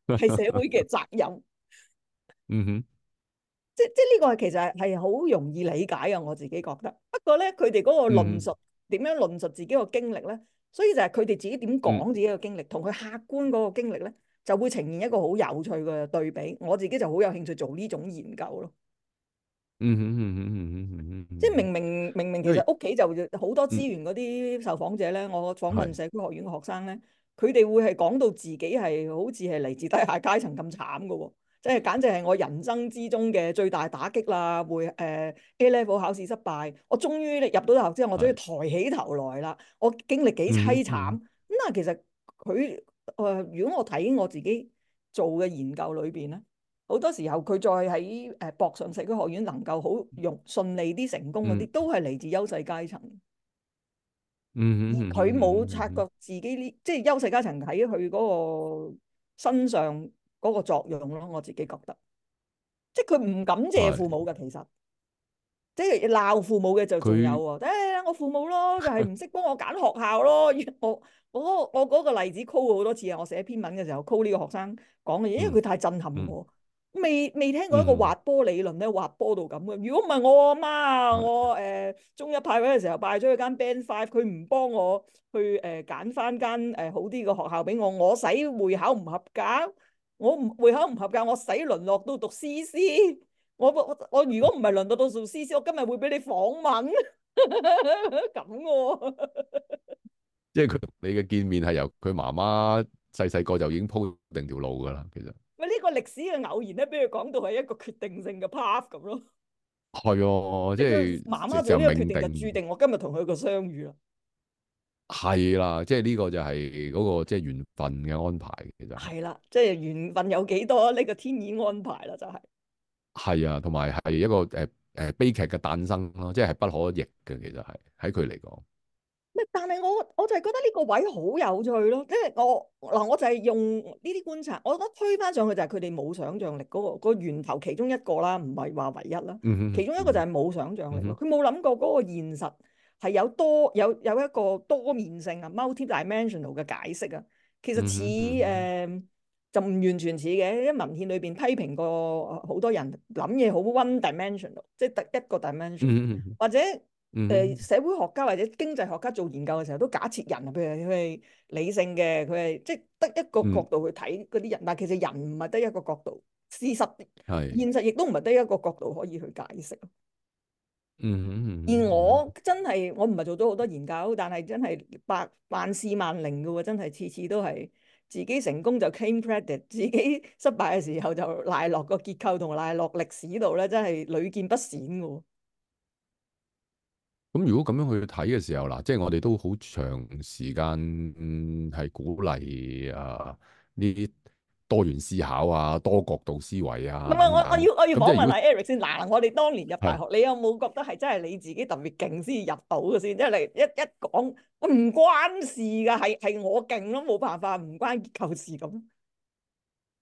係、嗯、哼社會嘅責任。嗯哼。即即呢個係其實係好容易理解啊，我自己覺得。不過呢，佢哋嗰個論述點、mm hmm. 樣論述自己個經歷呢？所以就係佢哋自己點講自己經歷個經歷，同佢客觀嗰個經歷呢，就會呈現一個好有趣嘅對比。我自己就好有興趣做呢種研究咯。嗯嗯、mm hmm. 即明明明明其實屋企就好多資源嗰啲受訪者呢，我訪問社區學院嘅學生呢，佢哋、mm hmm. 會係講到自己係好似係嚟自低下階層咁慘噶。即係簡直係我人生之中嘅最大打擊啦！會誒、呃、A level 考試失敗，我終於入到大學之後，是我終於抬起頭來啦！我經歷幾凄慘咁， 但其實佢誒、呃，如果我睇我自己做嘅研究裏邊咧，好多時候佢再喺誒博上社區學院能夠好容易順利啲成功嗰啲， 都係嚟自優勢階層。嗯，佢冇察覺自己呢，即係優勢階層喺佢嗰個身上。嗰個作用咯，我自己覺得，即係佢唔感謝父母嘅，的其實，即係鬧父母嘅就仲有喎。誒他、哎，我父母咯，就係唔識幫我揀學校咯。的我我我嗰個例子 call 過好多次啊，我寫篇文嘅時候 call 呢個學生講嘅嘢，因為佢太震撼我。嗯、未未聽過一個滑坡理論咧，嗯、滑坡到咁嘅。如果唔係我阿媽我誒的、呃、中一派位嘅時候拜咗佢間 Band Five，佢唔幫我去誒揀返間誒好啲嘅學校俾我，我使會考唔合格。我唔會考唔合格，我死淪落到讀 CC 我。我我我如果唔係淪到到做 CC，我今日會俾你訪問咁喎。 這樣啊、 即係佢你嘅見面係由佢媽媽細細個就已經鋪定條路㗎啦。其實喂，呢個歷史嘅偶然咧，俾佢講到係一個決定性嘅 path 咁咯。係喎、哦，就是、即係媽媽就呢個決定注定，就定我今日同佢嘅相遇啦。係啦，即係呢個就係嗰個即係緣分嘅安排，其實係啦，即係緣分有幾多呢個天意安排啦，就係係啊，同埋係一個誒誒悲劇嘅誕生咯，即係不可逆嘅，其實係喺佢嚟講。但係我我就係覺得呢個位好有趣咯，因為我嗱，我就係用呢啲觀察，我覺得推翻上去就係佢哋冇想象力嗰個個源頭其中一個啦，唔係話唯一啦，嗯哼，其中一個就係冇想象力，佢冇諗過嗰個現實。係有多有有一個多面性啊，multi-dimensional 嘅解釋啊，其實似誒、mm hmm. 呃、就唔完全似嘅，因為文獻裏邊批評過好多人諗嘢好 one-dimensional，即係得一個 dimension，mm hmm. 或者誒、呃、社會學家或者經濟學家做研究嘅時候都假設人譬如佢係理性嘅，佢係即係得一個角度去睇嗰啲人，mm hmm. 但係其實人唔係得一個角度，事實係是現實亦都唔係得一個角度可以去解釋。嗯嗯，而我真係，我唔係做咗好多研究，但係真係百萬事萬靈嘅喎，真係次次都係自己成功就 claim credit，自己失敗嘅時候就賴落個結構同賴落歷史度咧，真係屢見不鮮嘅。咁、嗯、如果咁樣去睇嘅時候，嗱，即係我哋都好長時間係、嗯、鼓勵啊呢啲。多元思考啊，多角度思維啊。唔係、嗯嗯、我我要、嗯、我要訪問下 Eric 先。嗱，我哋當年入大學，是你有冇覺得係真係你自己特別勁先入到嘅先？即係你一一講，我唔關事噶，係係我勁咯，冇辦法，唔關結構事咁。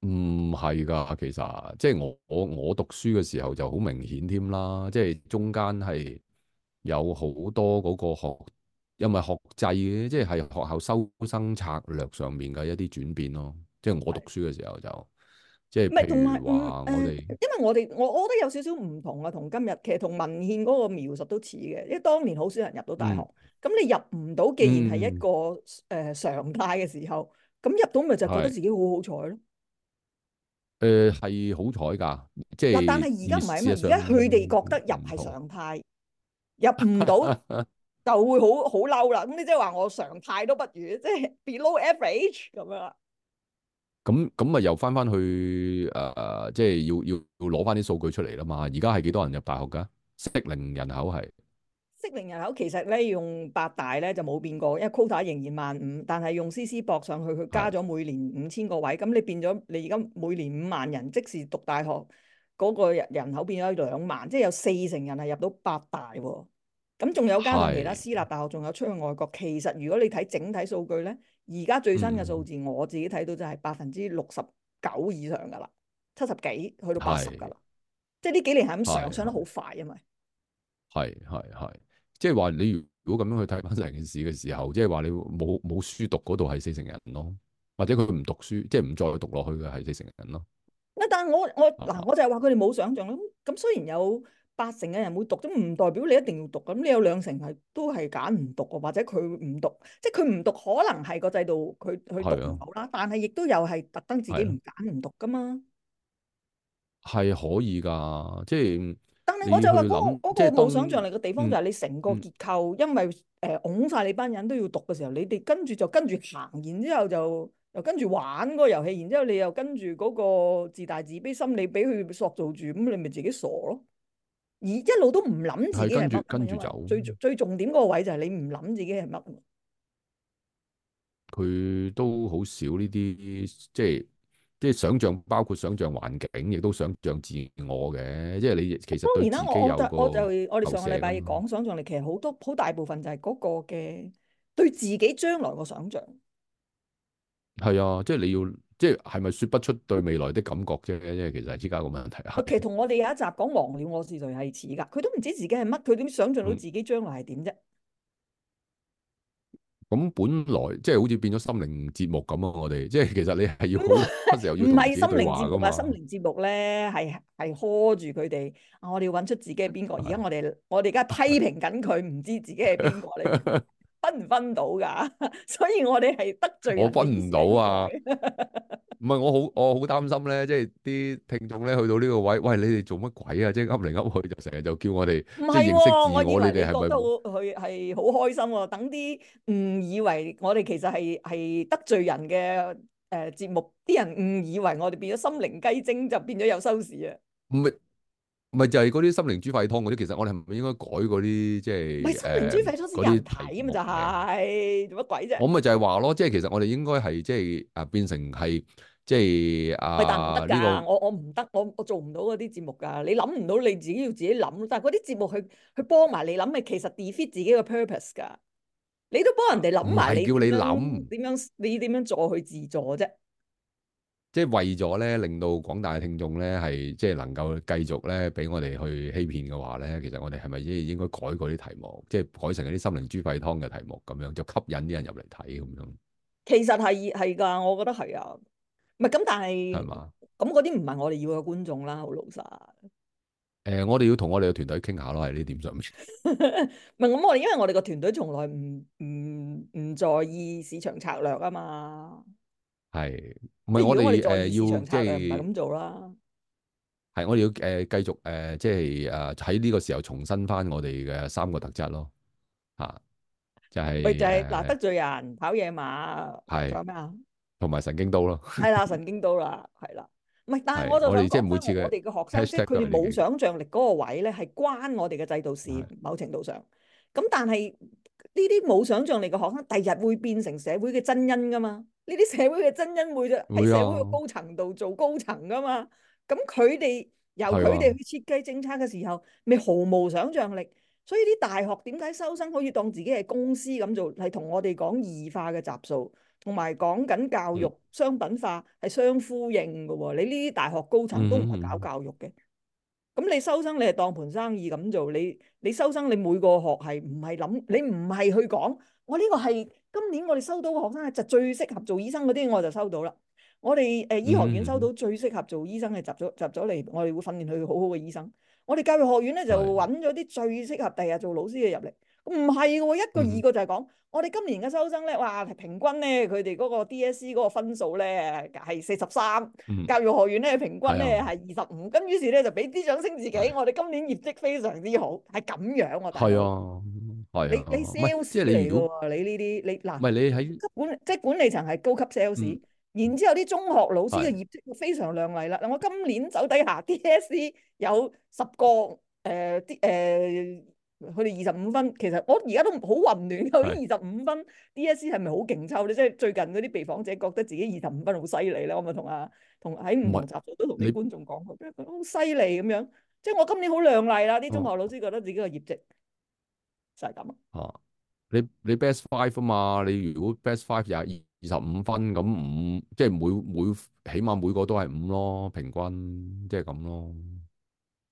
唔係噶，其實即係我我，我讀書嘅時候就好明顯添啦。即係中間係有好多嗰個學又唔係學制嘅，即係係學校收生策略上面嘅一啲轉變咯。即係我讀書嘅時候就即係唔係，同埋因為我哋我我覺得有少少唔同啊，同今日其實同文獻嗰個描述都似嘅，因為當年好少人入到大學，咁你入唔到，既然係一個誒，常態嘅時候，咁入到咪就覺得自己好好彩咯。誒，係好彩噶，即係但係而家唔係啊嘛，而家佢哋覺得入係常態，入唔到就會好好嬲啦。咁你即係話我常態都不如，即係 below average 咁樣。咁咁啊，又翻翻去誒，即係要要攞翻啲數據出嚟啦嘛。而家係幾多人入大學噶？適齡人口係適齡人口，其實咧用八大咧就冇變過，因為 quota 仍然萬五，但係用 CC 博上去，佢加咗每年五千個位。咁你變咗，你而家每年五萬人即使讀大學嗰個人人口變咗兩萬，即係有四成人係入到八大。咁仲有加埋其他私立大學，仲有出去外國。其實如果你睇整體數據咧。而家最新嘅數字，嗯、我自己睇到就係百分之六十九以上噶啦，七十幾去到八十噶啦，即係呢幾年係咁上，上得好快啊！嘛？係係係，即係話你如果咁樣去睇返成件事嘅時候，即係話你冇冇書讀嗰度係四成人咯，或者佢唔讀書，即係唔再讀落去嘅係四成人咯。啊！但係我我嗱，我,是我就係話佢哋冇想像咯。咁雖然有。八成嘅人會讀，都唔代表你一定要讀咁。你有兩成係都係揀唔讀啊，或者佢唔讀，即係佢唔讀可能係個制度佢佢讀唔到啦。係啊、但係亦都有係特登自己唔揀唔讀噶嘛，係可以㗎，即係。但係我就話嗰、嗰個冇想像力嘅地方就係你成個結構，嗯嗯、因為誒㧬曬你班人都要讀嘅時候，你哋跟住就跟住行，然之後就又跟住玩嗰個遊戲，然之後你又跟住嗰個自大自卑心理俾佢塑造住，咁你咪自己傻咯。而一路都唔諗自己係乜，跟住跟住走，最最重點嗰個位就係你唔諗自己係乜。佢都好少呢啲，即係即係想象，包括想象環境，亦都想象自我嘅。即係你其實當然啦，我就我就我哋上個禮拜講想象力，其實好多好大部分就係嗰個嘅對自己將來嘅想象。係啊，即係你要。即係咪説不出對未來的感覺啫？因為其實之間個問題啊，佢其實同我哋有一集講黃了我，我是誰係似㗎，佢都唔知自己係乜，佢點想像到自己將來係點啫？咁、嗯嗯、本來即係好似變咗心靈節目咁啊！我哋即係其實你係要好，時又要唔係心靈節目，唔係心靈節目咧，係係呵住佢哋，我哋要揾出自己係邊個。而家我哋 我哋而家批評緊佢，唔知自己係邊個咧。 能能分唔分到噶？ 所以我哋係得罪人我分唔到啊！ 唔係我好，我好擔心咧，即係啲聽眾咧去到呢個位，喂，你哋做乜鬼啊？即係噏嚟噏去就成日就叫我哋唔係，即係認識自我，我以為你覺得佢係好是是開心喎、啊？等啲誤以為我哋其實係係得罪人嘅誒節目，啲人誤以為我哋變咗心靈雞精就變咗有收視啊！唔係。咪就係嗰啲心靈豬肺湯嗰啲，其實我哋係咪應該改嗰啲即係？唔係心靈豬肺湯先人睇，咪、哎、就係做乜鬼啫？我咪就係話咯，即係其實我哋應該係即係啊，變成係即係啊。得唔得噶，我我唔得，我我,我做唔到嗰啲節目噶。你諗唔到你自己要自己諗，但係嗰啲節目去去幫埋你諗，咪其實 defeat 自己個 purpose 噶。你都幫人哋諗埋，叫你諗點樣,想樣？你點樣助佢自助啫？即係為咗咧，令到廣大嘅聽眾咧係即係能夠繼續咧俾我哋去欺騙嘅話咧，其實我哋係咪應應該改過啲題目，即係改成嗰啲心靈豬肺湯嘅題目咁樣，就吸引啲人入嚟睇咁樣？其實係係噶，我覺得係啊，唔係咁，但係係嘛？咁嗰啲唔係我哋要嘅觀眾啦，好老實。誒、呃，我哋要同我哋嘅團隊傾下咯，係呢點上唔係咁， 我哋因為我哋個團隊從來唔唔唔在意市場策略啊嘛。係唔係？我哋誒要即係唔係咁做啦。係我哋要誒繼續誒，即係誒喺呢個時候重新翻我哋嘅三個特質咯吓，就係咪就係嗱得罪人、跑野馬、做咩啊？同埋神經刀咯，係啦，神經刀啦，係啦，唔係。但係我就諗，每次我哋嘅學生即係佢哋冇想象力嗰個位咧，係關我哋嘅制度事某程度上咁。但係呢啲冇想象力嘅學生，第日會變成社會嘅真因㗎嘛？呢啲社會嘅精英，會就係社會嘅高層度做高層噶嘛？咁佢哋由佢哋去設計政策嘅時候，咪毫無想像力。所以啲大學點解收生可以當自己係公司咁做，係同我哋講異化嘅集數，同埋講緊教育商品化係相呼應嘅喎。你呢啲大學高層都唔係搞教育嘅，咁你收生你係當盤生意咁做，你你收生你每個學係唔係諗，你唔係去講我呢個係。今年我哋收到嘅學生係就最適合做醫生嗰啲，我就收到啦。我哋誒醫學院收到最適合做醫生嘅集咗、嗯、集咗嚟，我哋會訓練佢好好嘅醫生。我哋教育學院咧就揾咗啲最適合第日做老師嘅入嚟。唔係喎，一個二個、嗯、就係講我哋今年嘅收生咧，哇！平均咧佢哋嗰個 DSE 嗰個分數咧係四十三，43，教育學院咧平均咧係二十五。咁、嗯是啊、於是咧就俾啲掌聲自己。是啊、我哋今年業績非常之好，係咁樣我係啊。係你你 sales 嚟嘅喎。你呢啲你嗱，唔係你喺管，即係管理層係高級 sales，然之後啲中學老師嘅業績非常亮麗啦。嗱，我今年手底下 DSE 有十個誒、啲誒，佢哋二十五分，其實我而家都好混亂。佢二十五分 DSE 係咪好勁抽咧？即係最近嗰啲被訪者覺得自己二十五分好犀利啦。我咪同阿同喺五紅雜組都同啲觀眾講佢，即係佢好犀利咁樣。即係我今年好亮麗啦，啲中學老師覺得自己嘅業績。就係咁啊！啊，你你 best five 啊嘛，你如果 best five 廿二十五分咁五，即係每每起碼每個都係五咯，平均即係咁咯。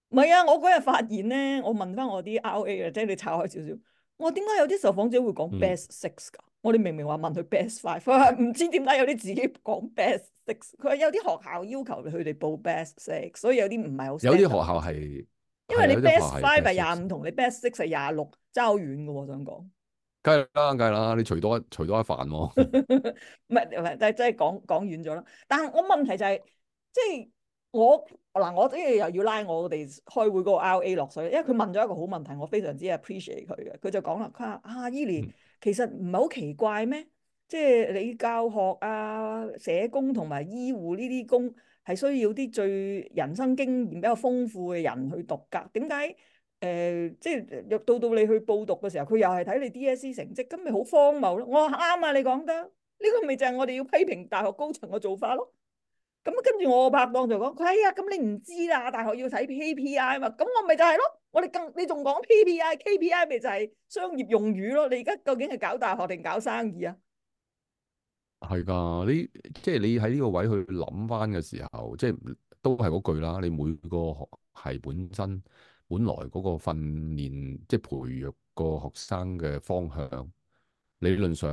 唔係啊！我嗰日發現咧，我問翻我啲 RA 啊，即係你炒開少少，我點解有啲受訪者會講 best six 噶？嗯、我哋明明話問佢 best five，佢話唔知點解有啲自己講 best six。佢話有啲學校要求佢哋報 best six，所以有啲唔係好識。有啲學校係。因為你 best five 係廿五，同 25, 的你 best six 係廿六，爭好遠噶喎，我想、 就是、講。梗係啦，梗係啦，你除多一除多一飯喎。唔係唔係，即係即係講講遠咗啦。但係我問題就係、是，即係我嗱，我即係又要拉我哋開會嗰個 R A 落水，因為佢問咗一個好問題，嗯、我非常之 appreciate 佢嘅。佢就講啦，佢話啊，伊蓮，嗯、其實唔係好奇怪咩？即係你教學啊、社工同埋醫護呢啲工。係需要啲最人生經驗比較豐富嘅人去讀㗎。點解？誒、呃，即係入到到你去報讀嘅時候，佢又係睇你 DSE 成績，咁咪好荒謬咯？我話啱啊，你講得呢個咪就係我哋要批評大學高層嘅做法咯。咁、嗯、跟住我拍檔就講：佢哎呀，咁你唔知啦，大學要睇 KPI 啊嘛。咁我咪就係咯。我哋更你仲講 KPI、KPI 咪就係商業用語咯。你而家究竟係搞大學定搞生意啊？係噶，你即係你喺呢個位去諗翻嘅時候，即係都係嗰句啦。你每個學系本身、本來嗰個訓練，即係培育個學生嘅方向，理論上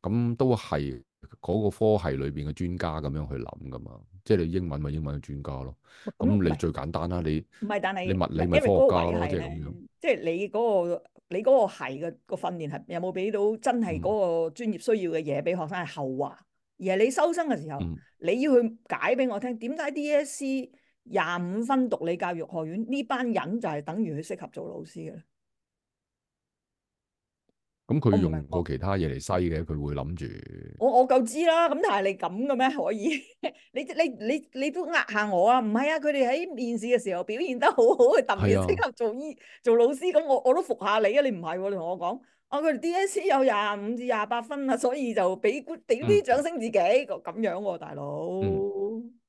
咁都係嗰個科系裏邊嘅專家咁樣去諗噶嘛。即係你英文咪英文嘅專家咯，咁你最簡單啦。你唔係，但係你物理咪科學家咯，即係咁樣。即係你嗰個。你嗰個係嘅個訓練係有冇俾到真係嗰個專業需要嘅嘢俾學生係後話，而係你收生嘅時候，你要去解俾我聽點解 DSE 廿五分讀你教育學院呢班人就係等於佢適合做老師嘅。咁佢用過其他嘢嚟篩嘅，佢會諗住。我我夠知啦，咁但係你咁嘅咩可以？ 你你你你都呃下我啊？唔係啊，佢哋喺面試嘅時候表現得好好，去特別適合做醫做老師，咁我我都服下你啊！你唔係、啊，你同我講，我、啊、佢哋 DSE 有廿五至廿八分啊，所以就俾點啲掌聲自己咁、嗯、樣喎、啊，大佬。嗯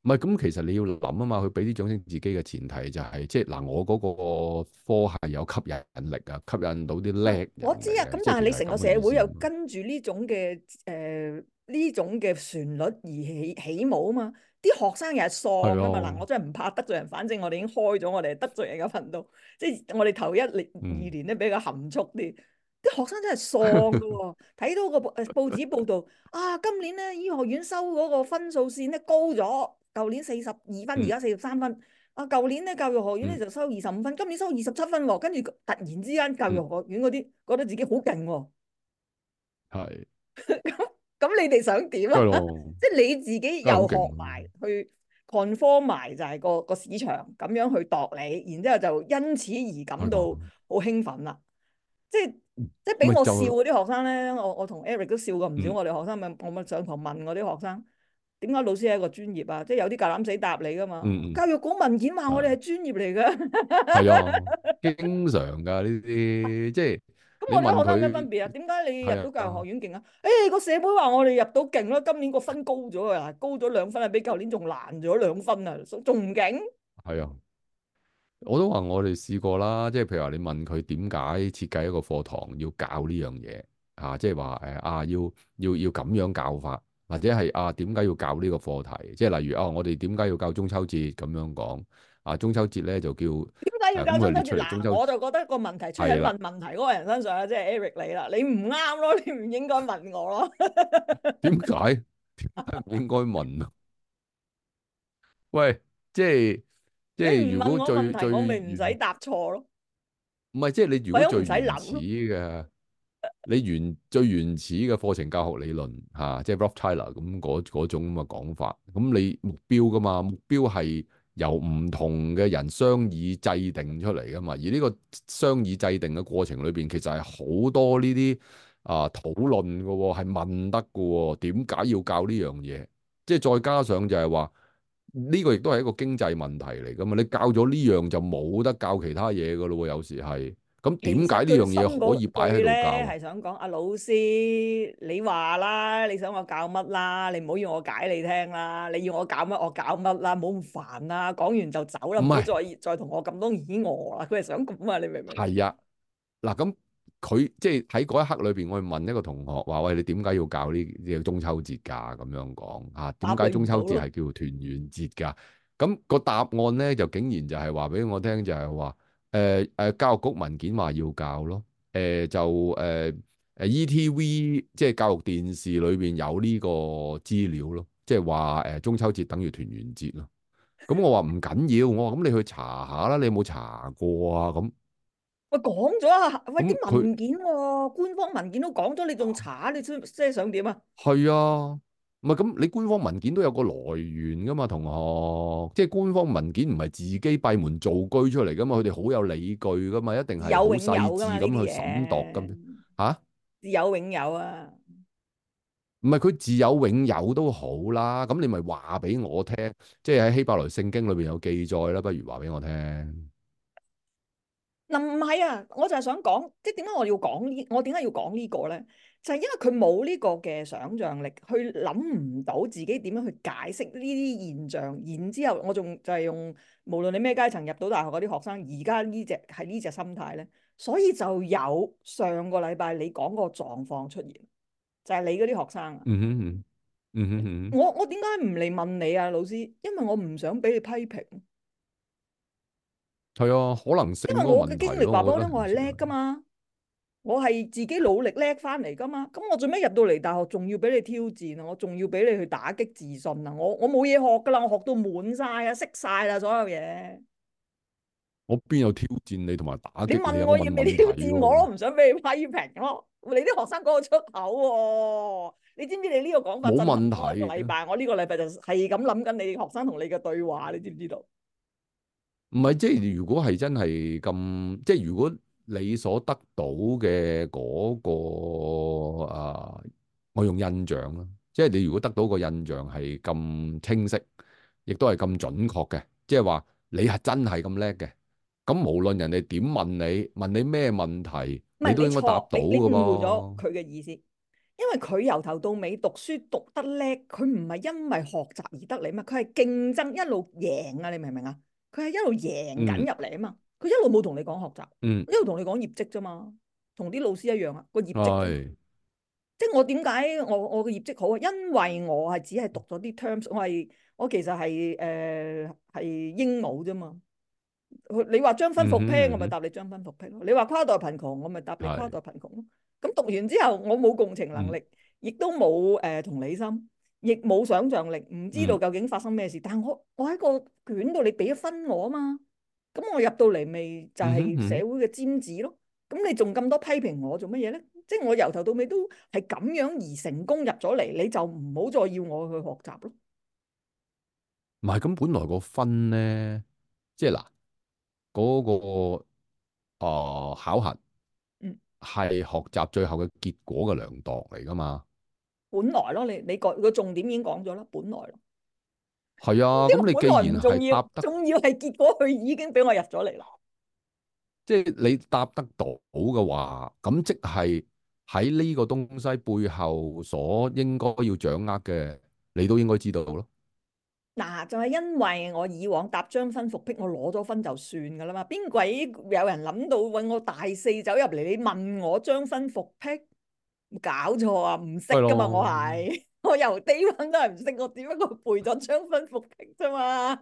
唔係咁，其實你要諗啊嘛，佢俾啲掌聲自己嘅前提就係、是，即係嗱，我嗰個科係有吸引力啊，吸引到啲叻。我知啊，咁但係你成個社會又跟住呢種嘅誒呢種嘅旋律而起起舞啊嘛，啲學生又係喪啊嘛，嗱，我真係唔怕得罪人，反正我哋已經開咗我哋得罪人嘅頻道，即係我哋頭一年、嗯、二年咧比較含蓄啲，啲學生真係喪嘅喎，睇 到個報誒報紙報道啊，今年咧醫學院收嗰個分數線咧高咗。舊年四十二分，而家四十三分。啊，舊年咧教育學院咧就收二十五分，嗯、今年收二十七分喎。跟住突然之間，教育學院嗰啲、嗯、覺得自己好勁喎。係是。咁咁，你哋想點啊？嗯嗯、即係你自己又學埋、嗯嗯、去 conform 埋，就係個個市場咁樣去度你，然之後就因此而感到好興奮啦、嗯嗯。即係即係俾我笑嗰啲學生咧，我我同 Eric 都笑過唔少我、嗯嗯。我哋學生咪我咪上堂問我啲學生。點解老師係一個專業啊？即係有啲芥蘭死答你噶嘛？教育局文件話我哋係專業嚟噶。係啊，經常噶呢啲即係。咁我哋學校有咩分別啊？點解你入到教育學院勁啊？誒，個社會話我哋入到勁咯。今年個分高咗啊，高咗兩分啊，比舊年仲難咗兩分啊，仲唔勁？係啊，我都話我哋試過啦。即係譬如話你問佢點解設計一個課堂要教呢樣嘢啊？即係話誒啊，要要要咁樣教法。或者係啊，點解要教呢個課題？即係例如啊，我哋點解要教中秋節咁樣講？啊，中秋節咧就叫點解要教中秋節啊？我就覺得個問題出喺問問題嗰個人身上啦，即係 Eric 你啦，你唔啱咯，你唔應該問我咯。點解？點解？應該問啊？喂，即係即係如果最最我唔使答錯咯，唔係即係你如果最唔使諗嘅。你原最原始嘅課程教學理論吓、啊，即係 Ralph Tyler 咁，嗰嗰種咁嘅講法，咁你目標噶嘛？目標係由唔同嘅人商議制定出嚟噶嘛？而呢個商議制定嘅過程裏邊，其實係好多呢啲啊討論噶，係、哦、問得噶、哦，點解要教呢樣嘢？即、就、係、是、再加上就係話呢個亦都係一個經濟問題嚟噶嘛？你教咗呢樣就冇得教其他嘢噶咯，有時係。咁點解呢樣嘢可以擺喺佢度？係想講，阿老師，你話啦，你想我教乜啦？你唔好要我解你聽啦，你要我搞乜我搞乜啦，唔好咁煩啦。講完就走啦，唔好是再再同我咁多耳餓啦。佢係想咁啊，你明唔明？係啊，嗱咁，佢即係喺嗰一刻裏邊，我問一個同學話：喂，你點解要搞呢啲中秋節㗎？咁樣講嚇，點解中秋節係叫團圓節㗎？咁個答案咧，就竟然就係話俾我聽，就係話。誒誒、呃，教育局文件話要教咯，誒、呃、就誒誒、呃、ETV，即係教育電視裏邊有呢個資料咯，即係話誒中秋節等於團圓節咯。咁我話唔緊要，我話咁你去查下啦，你有冇查過啊？咁我講咗啊，喂啲文件喎、啊，嗯、官方文件都講咗，你仲查你即即係想點啊？係啊。唔係咁，你官方文件都有個來源噶嘛，同學。即係官方文件唔係自己閉門造車出嚟噶嘛，佢哋好有理據噶嘛，一定係好細緻咁去審讀咁。嚇、啊，有永有啊？唔係佢自有永有都好啦。咁你咪話俾我聽，即係喺希伯來聖經裏邊有記載啦，不如話俾我聽。嗱唔係啊，我就係想講，即係點解我要講呢？我點解要講呢個咧？就係因為佢冇呢個嘅想像力，去諗唔到自己點樣去解釋呢啲現象，然之後我仲就係用無論你咩階層入到大學嗰啲學生，而家呢只係呢隻心態咧，所以就有上個禮拜你講個狀況出現，就係、是、你嗰啲學生。嗯哼嗯哼嗯哼。我我點解唔嚟問你啊，老師？因為我唔想俾你批評。係啊，可能性。因為我嘅經歷，爸爸咧，我係叻噶嘛。我係自己努力叻翻嚟噶嘛，咁我最尾入到嚟大學，仲要俾你挑戰啊！我仲要俾你去打擊自信啊！我我冇嘢學噶啦，我學到滿晒啊，識晒啦，所有嘢。我邊有挑戰你同埋打擊你？你問我，我，問我要你挑戰我都唔，啊、想俾你批評咯。你啲學生講出口喎、啊，你知唔知？你呢個講法冇問題、啊。禮拜我呢個禮拜就係咁諗緊你學生同你嘅對話，你知唔知道？唔係，即係如果係真係咁，即係如果。你所得到嘅嗰個啊，我用印象啦，即係你如果得到個印象係咁清晰，亦都係咁準確嘅，即係話你係真係咁叻嘅，咁無論人哋點問你，問你咩問題，唔係，你都應該答到㗎嘛。你誤會咗佢嘅意思，因為佢由頭到尾讀書讀得叻，佢唔係因為學習而得嚟嘛，佢係競爭一路贏啊！你明唔明啊？佢係一路贏緊入嚟啊嘛。嗯佢一路冇同你講學習，嗯、一路同你講業績啫嘛，同啲老師一樣啊。個業績，是即係我點解我我嘅業績好啊？因為我係只係讀咗啲 terms，我係我其實係誒係鸚鵡啫嘛。你話張分復 p、嗯、哼我咪答你張分復 p 咯。嗯、哼你話跨代貧窮，我咪答你跨代貧窮咯。咁是讀完之後，我冇共情能力，亦、嗯、都冇誒、呃、同理心，亦冇想象力，唔知道究竟發生咩事。但係我我喺個卷度，你俾分我啊嘛。咁我入到嚟咪就係社會嘅尖子咯，咁、嗯嗯、你仲咁多批評我做乜嘢咧？即、就、係、是、我由頭到尾都係咁樣而成功入咗嚟，你就唔好再要我去學習咯。唔係，咁本來個分咧，即係嗱，嗰、那個、呃、考核，嗯，係學習最後嘅結果嘅量度嚟噶嘛、嗯。本來咯，你你個個重點已經講咗啦，本來咯。係啊，咁你既然係答得，仲要係結果佢已經俾我入咗嚟啦。即係你答得到好嘅話，咁即係喺呢個東西背後所應該要掌握嘅，你都應該知道咯。嗱、啊，就係、是、因為我以往答「張分復辟」，我攞咗分就算噶啦嘛。邊鬼有人諗到搵我大四走入嚟？你問我「張分復辟」，搞錯啊，唔識噶嘛，我係。我由低揾都係唔識，我只不過背咗雙分復讀啫嘛。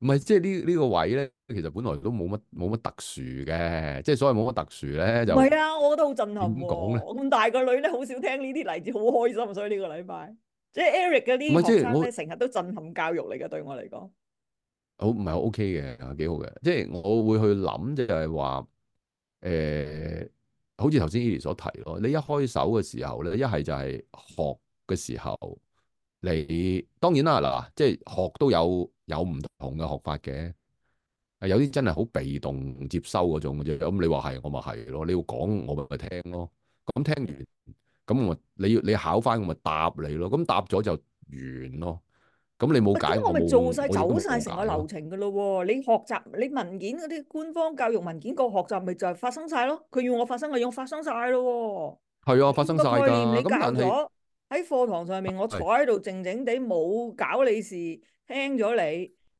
唔係，即係呢呢個位咧，其實本來都冇乜冇乜特殊嘅，即係所謂冇乜特殊咧就。唔係啊，我覺得好震撼、啊。點講咁大個女咧，好少聽呢啲例子，好開心。所以呢個禮拜即係 Eric 嗰啲學生咧，成日、就係、都震撼教育嚟嘅。對我嚟講，okay、好唔係 OK 嘅，幾好嘅。即係我會去諗，就係話誒。呃好似頭先 Eli 所提咯，你一開手嘅時候咧，一係就係學嘅時候，你當然啦嗱，即係學都有有唔同嘅學法嘅，有啲真係好被動接收嗰種啫。咁你話係，我咪係咯。你要講，我咪聽咯。咁聽完，咁我你要你考翻，我咪答你咯。咁答咗就完咯。咁你冇解，我咪做晒走晒成個流程噶咯？你學習你文件嗰啲官方教育文件個學習咪就係發生晒咯？佢要我發生咪要我發生晒咯？係啊，發生晒噶。個概念你教咗喺課堂上面，我坐喺度靜靜地冇搞你事，聽咗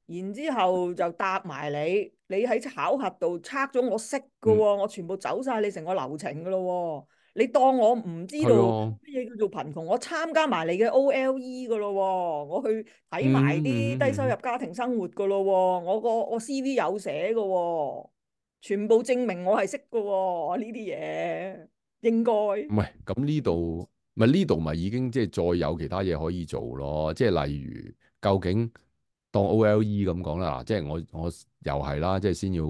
你，然之後就答埋你。你喺考核度測咗我識噶，我全部走晒你成個流程噶咯。你當我唔知道乜嘢叫做貧窮，啊、我參加埋你嘅 O L E 噶咯喎，我去睇埋啲低收入家庭生活噶咯喎，嗯嗯嗯、我個我 C V 有寫噶喎，全部證明我係識噶喎，呢啲嘢應該。唔係咁呢度，咪呢度咪已經即係、就是、再有其他嘢可以做咯，即、就、係、是、例如究竟當 O L E 咁講啦，即係我我又係啦，即係先要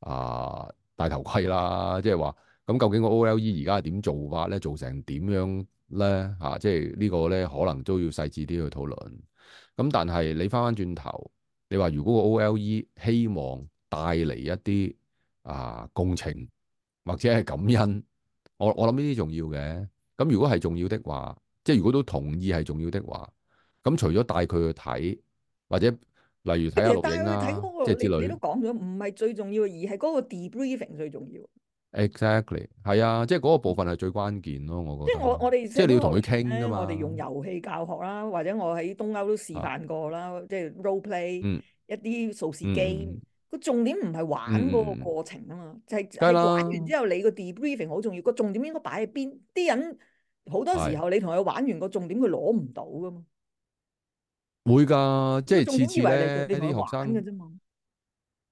啊、呃、戴頭盔啦，即係話。咁究竟個 O L E 而家點做法咧？做成點樣咧？嚇、啊，即係呢個咧，可能都要細緻啲去討論。咁但係你翻翻轉頭，你話如果個 O L E 希望帶嚟一啲啊共情或者係感恩，我我諗呢啲重要嘅。咁如果係重要的話，即係如果都同意係重要的話，咁除咗帶佢去睇，或者例如、啊、睇下錄影啦、帶佢去睇嗰、嗰個即之類你你都講咗，唔係最重要，而係嗰個 debriefing 最重要。Exactly，係啊，即係嗰個部分係最關鍵咯。我覺得即係我我哋即係你要同佢傾噶嘛。我哋用遊戲教學啦，或者我喺東歐都示範過啦，即係 role play 一啲數字 game 個重點唔係玩嗰個過程啊嘛，就係玩完之後你個 debriefing 好重要。個重點應該擺喺邊？啲人好多時候你同佢玩完個重點佢攞唔到噶嘛，會噶即係次次咧啲學生。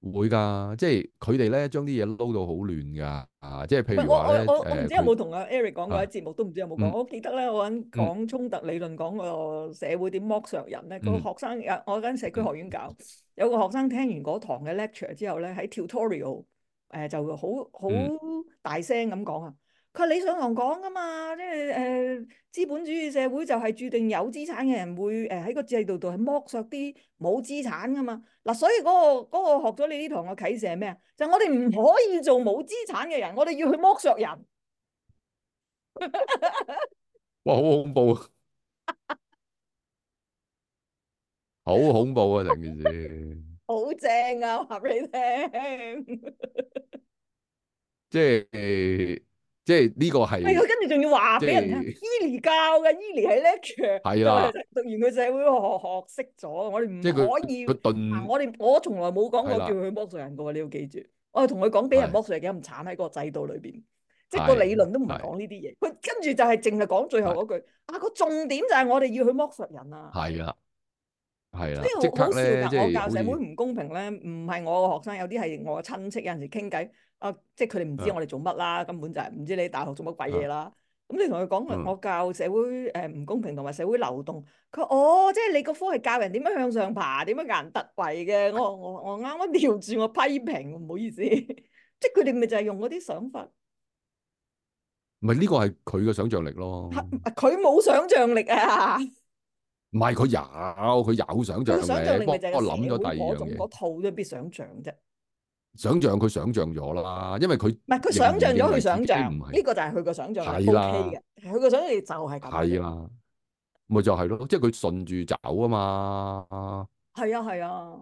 會噶，即係佢哋咧將啲嘢撈到好亂噶，啊，即係譬如話咧，我我唔知有冇同阿 Eric 講過啲節是目都有有，都唔知有冇講，我記得咧我喺講衝突理論，講個社會點剝削人咧，個學生又、嗯、我喺間社區學院搞。嗯、有個學生聽完嗰堂嘅 lecture 之後咧喺 tutorial，誒、呃、就好好大聲咁講啊。嗯嗯佢理想堂講噶嘛？即係誒、呃、資本主義社會就係注定有資產嘅人會誒喺、呃、個制度度去剝削啲冇資產噶嘛嗱、啊，所以嗰、嗰個嗰、嗰個、學咗你呢堂嘅啟示係咩啊？就係、我哋唔可以做冇資產嘅人，我哋要去剝削人。 哇！好恐怖，好恐怖啊！成件事 好正啊！話俾你聽， 即係。即係呢個係，跟住仲要話俾人聽，Eli 教嘅，Eli 係叻嘅，係啊，讀完佢社會學學識咗，我哋唔可以，我哋我從來冇講過叫佢剝削人嘅喎，你要記住，我係同佢講俾人剝削係幾咁慘喺個制度裏邊，即係個理論都唔講呢啲嘢，佢跟住就係淨係講最後嗰句，啊個重點就係我哋要去剝削人啊，係啊，係啦，即係好笑㗎，我教社會唔公平咧，唔係我個學生，有啲係我親戚，有陣時傾偈。啊！即係佢哋唔知我哋做乜啦，根本就係唔知你大學做乜鬼嘢啦。咁你同佢講，我教社會誒唔公平同埋社會流動。佢哦，即係你個科係教人點樣向上爬，點樣揀特惠嘅。我我我啱啱調轉我批評，唔好意思。即係佢哋咪就係用嗰啲想法。唔係呢個係佢嘅想象力咯。佢冇想象力啊！唔係佢有，佢有想象力。想象力咪就係個社會攞住嗰套都必想像啫。想象佢想象咗啦，因為佢唔係佢想象咗，佢想象唔係呢個就係佢個想象係 ok 嘅，佢個想象就係咁。係啦，咪就係咯，即係佢順住走啊嘛。係啊，係啊。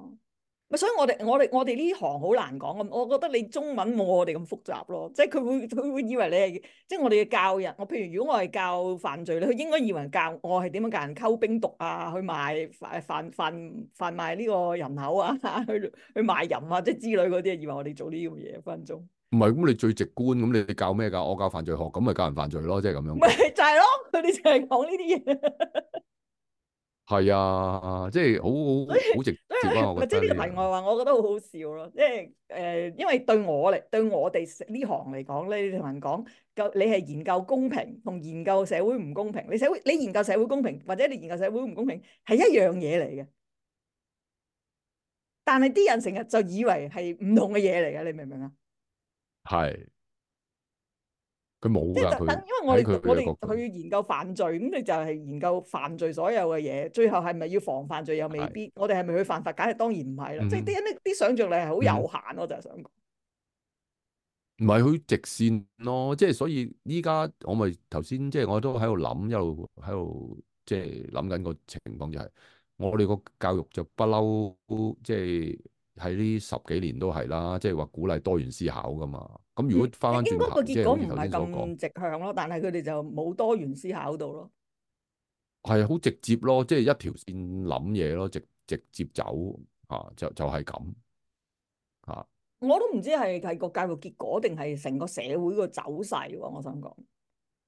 所以我，我哋我哋我哋呢行好難講，我覺得你中文冇我哋咁複雜咯。即係佢會佢會以為你係即係我哋嘅教人。我譬如如果我係教犯罪咧，佢應該以為教我係點樣教人溝冰毒啊，去賣誒販販販賣呢個人口啊，去去賣淫、啊、即係之類嗰啲，以為我哋做呢啲咁嘢分鐘。唔係咁，你最直觀咁，你教咩㗎？我教犯罪學，咁咪教人犯罪咯，即係咁樣。咪 就係 咯，佢哋就係講呢啲。嘢。 係啊，即係好好好直接啊！呢個題外話，我覺得好好笑咯。即係誒，因為對我嚟，對我哋呢行嚟講咧，你同人講，就你係研究公平同研究社會唔公平。你社會，你研究社會公平，或者你研究社會唔公平，係一樣嘢嚟嘅。但係啲人成日就以為係唔同嘅嘢嚟嘅，你明唔明啊？係。佢冇噶，即係等，因為我哋我哋去研究犯罪，咁你就係研究犯罪所有嘅嘢，最後係咪要防犯罪又未必？是的 我哋係咪去犯法？梗係當然唔係啦。即係啲啲想象力係好有限，嗯、哼我就係想講。唔係佢直線咯，即係所以依家我咪頭先，即係我都喺度諗，一路喺度即係諗緊個情況就係，我哋個教育就不嬲，即係喺呢十幾年都係啦，即係話鼓勵多元思考噶嘛。咁如果翻翻轉頭，即、嗯、應該個結果唔係咁直向咯，但係佢哋就冇多元思考到咯。係啊、嗯，好直，直接咯，即、就、係、是、一條線諗嘢咯，直接直接走啊，就就係、是、咁啊。我都唔知係係個教育結果定係成個社會個走勢喎。我想講，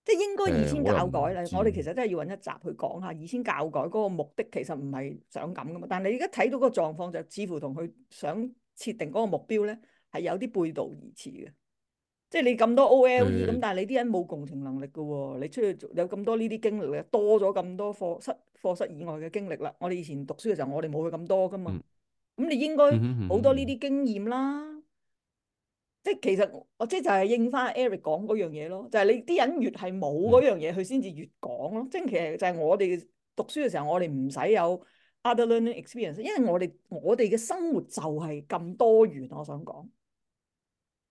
即、就、係、是、應該二千教改咧、呃，我哋其實真係要揾一集去講下二千教改嗰個目的，其實唔係想咁噶嘛。但係你而家睇到個狀況，就似乎同佢想設定嗰個目標咧係有啲背道而馳嘅。即係你咁多 OLE，咁但係你啲人冇共情能力嘅喎、哦，你出去做你有咁多呢啲經歷，多咗咁多課室課室以外嘅經歷啦。我哋以前讀書嘅時候，我哋冇佢咁多噶嘛。咁、嗯、你應該好多呢啲經驗啦。嗯嗯嗯嗯、即係其實，即係就係應翻 Eric 講嗰樣嘢咯。就係、是、你啲人越係冇嗰樣嘢，佢先至越講咯。即係其實就係我哋讀書嘅時候，我哋唔使有 other learning experience，因為我哋我哋嘅生活就係咁多元。我想講。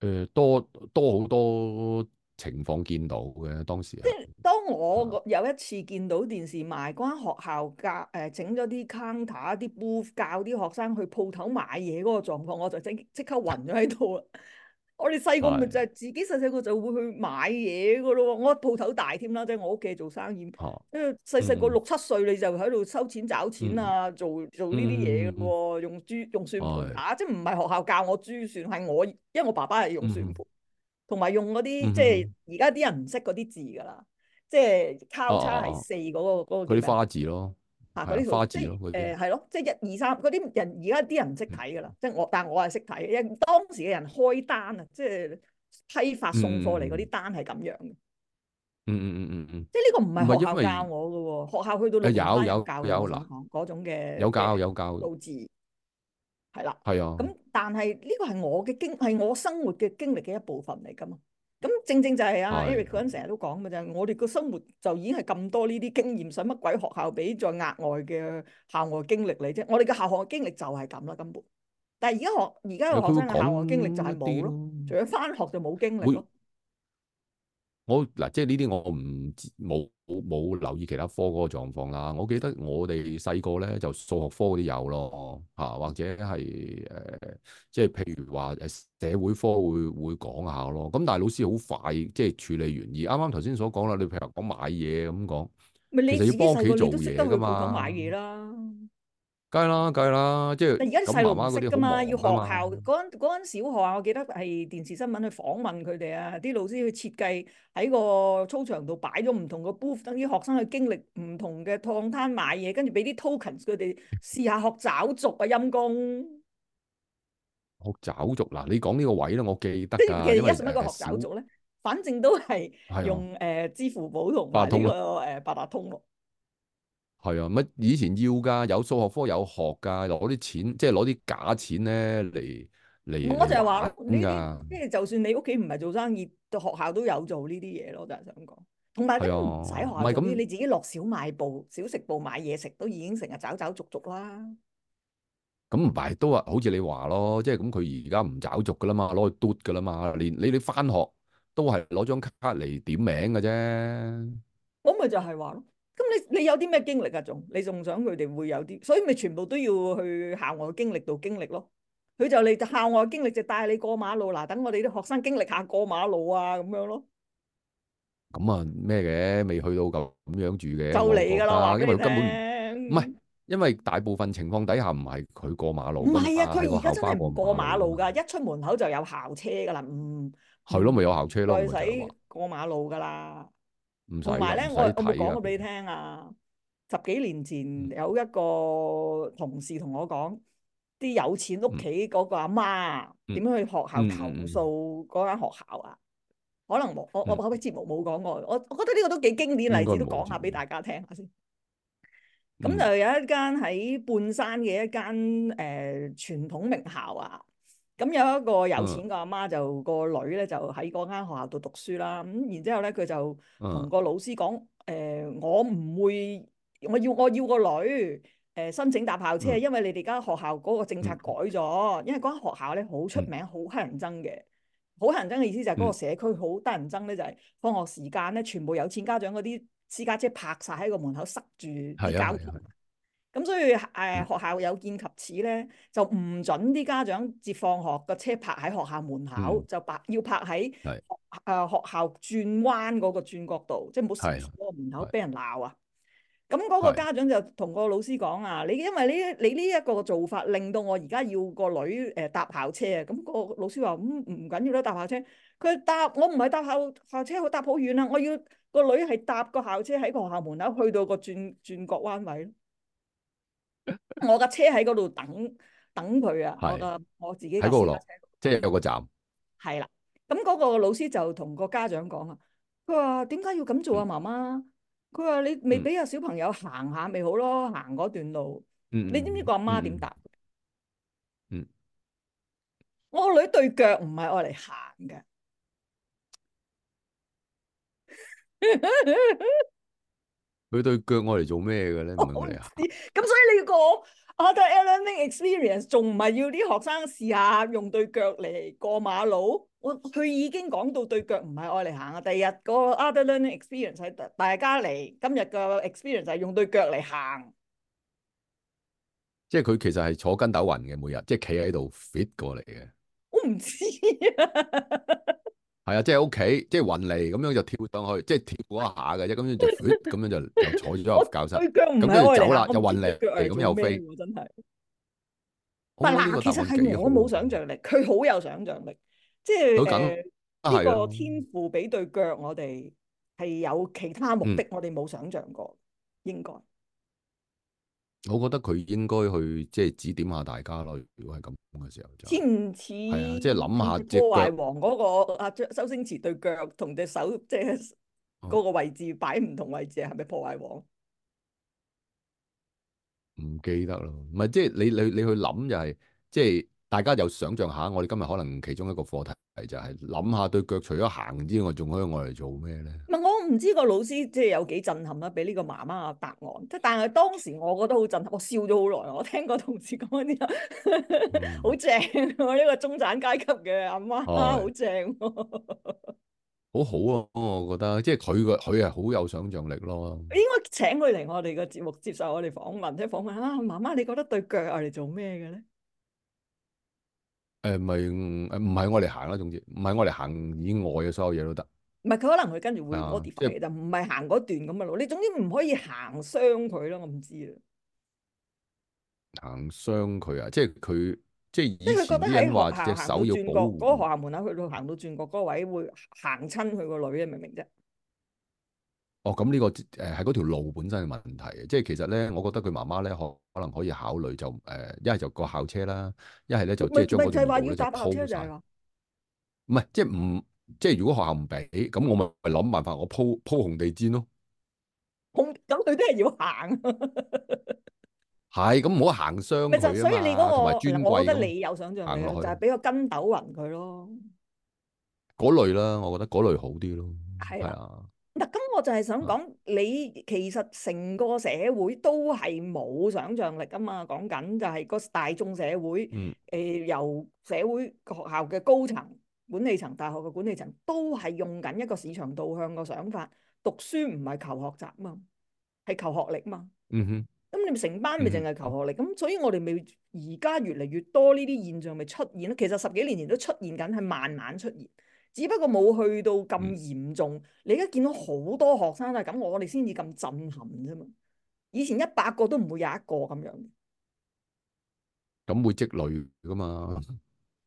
誒、呃，多多好多情況見到嘅當時，即係當我有一次見到電視賣關、嗯、學校教，誒整咗啲 counter、啲 booth 教啲學生去鋪頭買嘢嗰個狀況，我就即即刻暈咗喺度啦。 我哋細個咪就係自己細細個就會去買嘢噶咯，我鋪頭大添啦，即係我屋企做生意，因為細細個六七歲你就喺度收錢找錢啊，做做呢啲嘢噶喎，用珠用算盤啊，即係唔係學校教我珠算，係我，因為我爸爸係用算盤，同埋用嗰啲即係而家啲人唔識嗰啲字噶啦，即係交叉係四嗰個嗰個。啲花字咯。啊！嗰啲圖即係誒係咯，即係一二三嗰啲人而家啲人唔識睇噶啦，即係我，但係我係識睇，因為當時嘅人開單啊，即係批發送貨嚟嗰啲單係咁樣嘅。嗯嗯嗯嗯嗯。即係呢個唔係學校教我嘅喎，學校去到有有教有嗰種嘅。有教有教。字。係啦。係啊。咁但係呢個係我嘅經係我生活嘅經歷嘅一部分嚟噶嘛。咁正正就係啊 Eric 嗰陣成日都講嘅啫，的我哋個生活就已經係咁多呢啲經驗，使乜鬼學校俾再額外嘅校外經歷嚟啫？我哋嘅學校嘅經歷就係咁啦，根本。但係而家學而家嘅學生嘅校外經歷就係冇咯，除咗翻學就冇經歷咯。我嗱，即係呢啲我唔冇冇留意其他科嗰個狀況啦。我記得我哋細個咧就數學科嗰啲有咯，嚇、啊、或者係誒、呃，即係譬如話誒社會科會會講下咯。咁但係老師好快即係處理完。而啱啱頭先所講啦，你譬如講買嘢咁講，你其實要幫屋企做嘢㗎嘛。買嘢啦。梗係啦，梗係啦，即係而家細路唔識㗎嘛。媽媽嘛要學校嗰陣小學啊，我記得係電視新聞去訪問佢哋啊，啲老師去設計喺個操場度擺咗唔同嘅 booth，等於學生去經歷唔同嘅攤攤買嘢，跟住俾啲 tokens 佢哋試下學找續啊，陰功。學找續嗱，你講呢個位咧，我記得㗎。點解而家唔一個學找續咧？小反正都係用誒、啊呃、支付寶同埋呢個八達通咯。係啊，乜以前要噶，有數學科有學噶，攞啲錢，即係攞啲假錢咧嚟嚟。我就係話，呢啲即係就算你屋企唔係做生意，到學校都有做呢啲嘢咯。就係想講，同埋唔使學校咁。是你自己落小賣部，那部，小食部買嘢食，都已經成日找找續續啦。咁唔係都話好似你話咯，即係咁佢而家唔找續噶啦嘛，攞去嘟噶啦嘛，連你你翻學都係攞張卡嚟點名噶啫。咁咪就係話咯。咁你你有啲咩經歷啊？仲你仲想佢哋會有啲，所以咪全部都要去校外經歷度經歷咯。佢就嚟就校外經歷就帶你過馬路啦，等我哋啲學生經歷下過馬路啊咁樣咯。咁啊咩嘅？未去到咁樣住嘅，就你㗎啦，因為佢根本唔係，因為大部分情況底下唔係佢過馬路，唔係啊，佢而家真係過馬路㗎，一出門口就有校車㗎啦。嗯，係咯，咪有校車咯，唔使過馬路㗎啦。同埋咧，呢我我冇講過俾你聽啊。十幾年前、嗯、有一個同事同我講，啲、嗯、有錢屋企嗰個阿媽啊，點樣去學校投訴嗰間學校啊？嗯、可能冇，我我嘅嘅節目冇講過。我我覺得呢個都幾經典例子，都講下俾大家聽下先。咁、嗯、就有一間喺半山嘅一間誒傳統名校啊。咁有一個有錢個阿媽就個、嗯、女咧就喺嗰間學校度讀書啦，咁然之後咧佢就同個老師講：誒、嗯呃，我唔會，我要我要個女誒、呃、申請搭校車，嗯、因為你哋而家學校嗰個政策改咗，嗯、因為嗰間學校咧好出名，好乞人憎嘅，好乞人憎嘅意思就係嗰個社區好得人憎咧，嗯、就係放學時間咧全部有錢家長嗰啲私家車泊晒喺個門口塞住嚟搞。嗯嗯嗯咁所以誒、呃、學校有見及此咧，就唔準啲家長接放學個車泊喺學校門口，嗯、就白要泊喺誒學校轉彎嗰個轉角度，嗯、即係唔好喺個門口俾人鬧啊。咁嗰、嗯、個家長就同個老師講啊，嗯、你因為你你呢一個做法，令到我而家要個女誒、呃、搭校車啊。咁個老師話：咁唔緊要啦，搭校車。佢搭我唔係搭校校車，我搭好遠啊。我要個女係搭個校車喺個學校門口去到個轉轉角彎位。我架車喺嗰度等等佢啊是我！我自己喺高路，即係有個站。係啦、啊，咁嗰個老師就同個家長講啊，佢話點解要咁做啊？媽媽、嗯，佢話你未俾個小朋友行下咪好咯，行嗰段路。嗯嗯，你知唔知個阿媽點答？嗯嗯，嗯，嗯我個女對腳唔係愛嚟行嘅。 佢對腳我嚟做咩嘅咧？唔係我嚟啊？咁所以呢個 other learning experience 仲唔係要啲學生試下用對腳嚟過馬路？我佢已經講到對腳唔係愛嚟行啊。第二日個 other learning experience 就係大家嚟今日嘅 experience 就係用對腳嚟行，即係佢其實係坐筋斗雲嘅，每日即係企喺度 fit 過嚟嘅 。我唔知啊。 係啊，即係屋企，即係運力咁樣就跳上去，即係跳嗰一下嘅啫，咁樣就，咁樣就就坐住咗教室，咁就 走啦，又運力，咁又飛。真係，嗱，其實係我冇想象力，佢好有想象力，即係呢個天賦俾對腳我哋係、嗯、有其他目的，我哋冇想象過，應該。我覺得佢應該去即係、就是、指點下大家咯。如果係咁嘅時候就，唔似係啊，即係諗下即係破壞王嗰個啊，周星馳對腳同隻手即係嗰個位置擺唔同位置係咪、哦、破壞王？唔記得咯，唔係即係你你你去諗就係即係大家有想象下，我哋今日可能其中一個課題就係諗下對腳除咗行之外，仲可以用嚟做咩咧？唔知個老師即係有幾震撼啦，俾呢個媽媽嘅答案。但係當時我覺得好震撼，我笑咗好耐。我聽個同事講呢，啲、 嗯，好 正喎、啊！呢、這個中產階級嘅阿媽，媽，好、哦、正、啊、 好好啊！我覺得即係佢個佢係好有想像力咯。應該請佢嚟我哋個節目接受我哋訪問，即訪問啊！媽媽，你覺得對腳係嚟做咩嘅咧？誒咪唔係我哋行啦，總之唔係我哋行以外嘅所有嘢都得。唔係佢可能佢跟住會多跌翻嘅就唔係行嗰段咁嘅路，你總之唔可以行傷佢咯。我唔知啊。行傷佢啊，即係佢即係以前話隻手要過要保護。嗰個學校門口去到行到轉角嗰個位會行親佢個女啊，明唔明啫？哦，咁呢、這個誒係嗰條路本身嘅問題啊，即係其實咧，我覺得佢媽媽咧可可能可以考慮就誒、呃、一係就個校車啦，一係咧就即係將個路咧就鋪好晒。唔係即係唔。即係如果學校唔俾，咁我咪諗辦法，我鋪鋪紅地毯咯。紅，咁佢都係要行。係咁，唔好行雙軌啊嘛。所以你嗰個，我覺得你有想像力，就係俾個筋斗雲佢咯。嗰類啦，我覺得嗰類好啲咯。係啊，嗱，咁我就係想講，你其實成個社會都係冇想象力㗎嘛。講緊就係個大眾社會，誒，由社會學校嘅高層，管理層、大學嘅管理層都係用緊一個市場導向嘅想法，讀書唔係求學習啊嘛，係求學歷啊嘛。嗯哼。咁你咪成班咪淨係求學歷？咁、嗯、哼所以我哋咪而家越嚟越多呢啲現象咪出現咯。其實十幾年前都出現緊，係慢慢出現，只不過冇去到咁嚴重。嗯、你而家見到好多學生啊，咁我哋先至咁震撼啫嘛。以前一百個都唔會有一個咁樣。咁會積累噶嘛？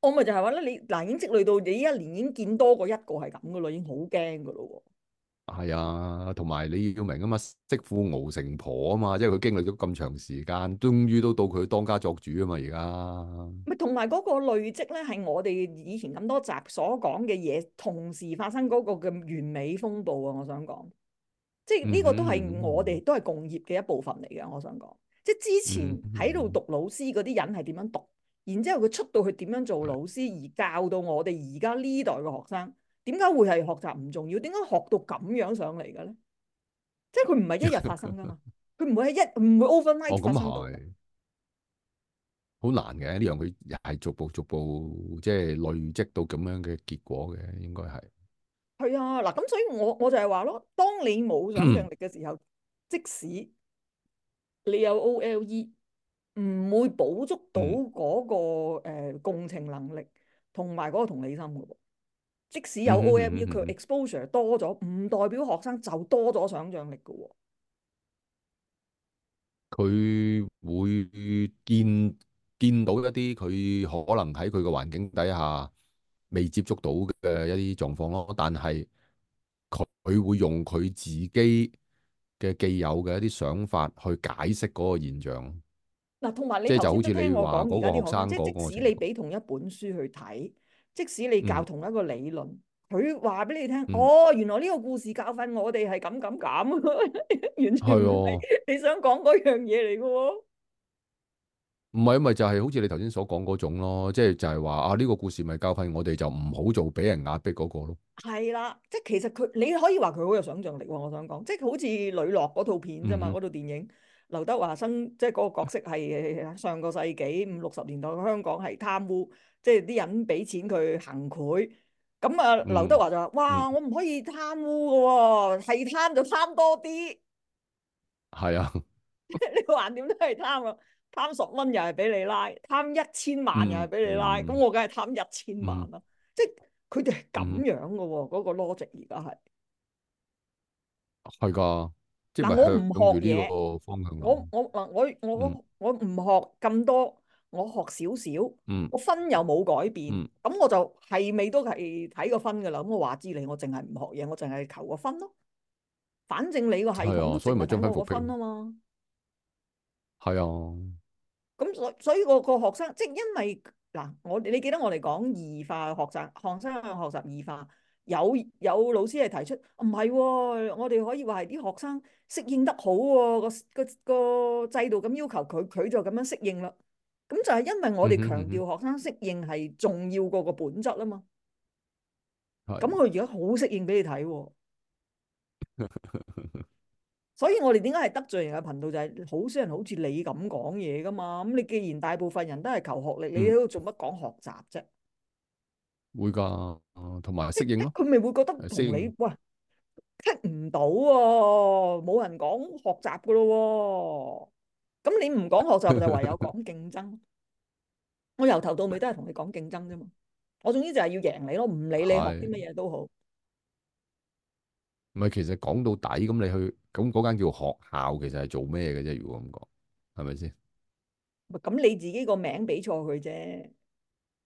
我咪就係話咧，你嗱已經積累到你一年已經見多過一個係咁噶啦，已經好驚噶咯喎。係啊、哎，同埋你要明啊嘛，媳婦熬成婆啊嘛，即係佢經歷咗咁長時間，終於都到佢當家作主啊嘛，而家。咪同埋嗰個累積咧，係我哋以前咁多集所講嘅嘢，同時發生嗰個嘅完美風暴啊！我想講，即係呢個都係我哋、嗯、哼都係共業嘅一部分嚟嘅。我想講，即係之前喺度讀老師嗰啲人係點樣讀？然之後佢出到去點樣做老師，而教到我哋而家呢代嘅學生，點解會係學習唔重要？點解學到咁樣上嚟嘅咧？即係佢唔係一日發生㗎嘛，佢唔 會喺一唔會 overnight、哦、發生咁係。好難嘅呢樣，佢係逐步逐步即係累積到咁樣嘅結果嘅，應該係。係啊，嗱咁，所以我我就係話咯，當你冇想像力嘅時候，嗯、即使你有 O L E。唔會捕捉到嗰、嗰個、呃、共情能力同埋嗰個同理心嘅喎。即使有 OFL 佢、嗯嗯嗯、exposure 多咗，唔代表學生就多咗想像力嘅喎、哦。佢會見見到一啲佢可能喺佢嘅環境底下未接觸到嘅一啲狀況咯，但係佢會用佢自己嘅既有嘅一啲想法去解釋嗰個現象。嗱，同埋你頭先都聽我講，而家啲學生即係即使你俾同一本書去睇，即使你教同一個理論，佢話俾你聽，哦，原來呢個故事教訓我哋係咁咁咁，完全係你想講嗰樣嘢嚟嘅喎。唔係咪就係好似你頭先所講嗰種咯？即係就係話啊，呢個故事咪教訓我哋就唔好做俾人壓迫嗰個咯。係啦，即係其實佢你可以話佢好有想像力喎。我想講，即係好似《雷洛》嗰套片啫嘛，嗰套電影。劉德華生即係嗰個角色係上個世紀五六十年代香港係貪污，即係啲人俾錢佢行賄。咁啊、嗯，劉德華就話：嗯、哇！我唔可以貪污噶喎，係、嗯、貪就貪多啲。係啊， 你個橫掂都係貪啊！貪十蚊又係俾你拉，貪一千萬又係俾你拉，咁我梗係貪一千萬啦。即係佢哋係咁樣噶喎，嗰個 logic 而家係。係噶。嗱，我唔學嘢，我我嗱，我我我唔學咁多，我學少少，嗯、我分又冇改變，咁、嗯、我就係未都係睇個分噶啦？咁我話知你，我淨係唔學嘢，我淨係求個分咯。反正你個係、啊，所以咪張開復平咯嘛。係啊。咁所所以個個學生，即係因為嗱，我你記得我哋講異化學習，學生學習異化。有有老師係提出唔係、啊啊，我哋可以話係啲學生適應得好喎、啊，個個個制度咁要求佢，佢就咁樣適應啦。咁就係因為我哋強調學生適應係重要過個本質啊嘛。咁佢而家好適應俾你睇、啊， 所以我哋點解係得罪人嘅頻道就係好少人好似你咁講嘢㗎嘛。咁你既然大部分人都係求學歷，你喺度做乜講學習啫？嗯會噶，同埋適應。佢咪會覺得同你喂，聽唔到喎，冇人講學習噶咯，咁你唔講學習就唯有講競爭。我由頭到尾都係同你講競爭啫嘛。我總之就係要贏你咯，唔理你學啲乜嘢都好。唔係，其實講到底，咁你去咁嗰間叫學校，其實係做咩嘅啫？如果咁講，係咪先？唔係咁，你自己個名俾錯佢啫。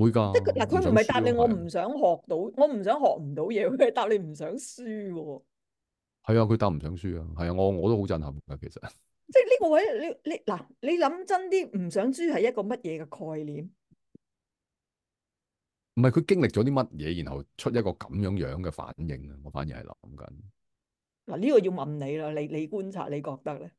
會噶，即係嗱，佢唔係答你，我唔想學到，我唔想學唔到嘢，佢係答你唔想輸。係啊，佢答唔想輸啊。係啊，我我都好震撼噶，其實。即係呢個位，你你嗱，你諗真啲，唔想輸係一個乜嘢嘅概念？唔係佢經歷咗啲乜嘢，然後出一個咁樣樣嘅反應啊？我反而係諗緊。嗱，呢個要問你啦，你你觀察你覺得咧？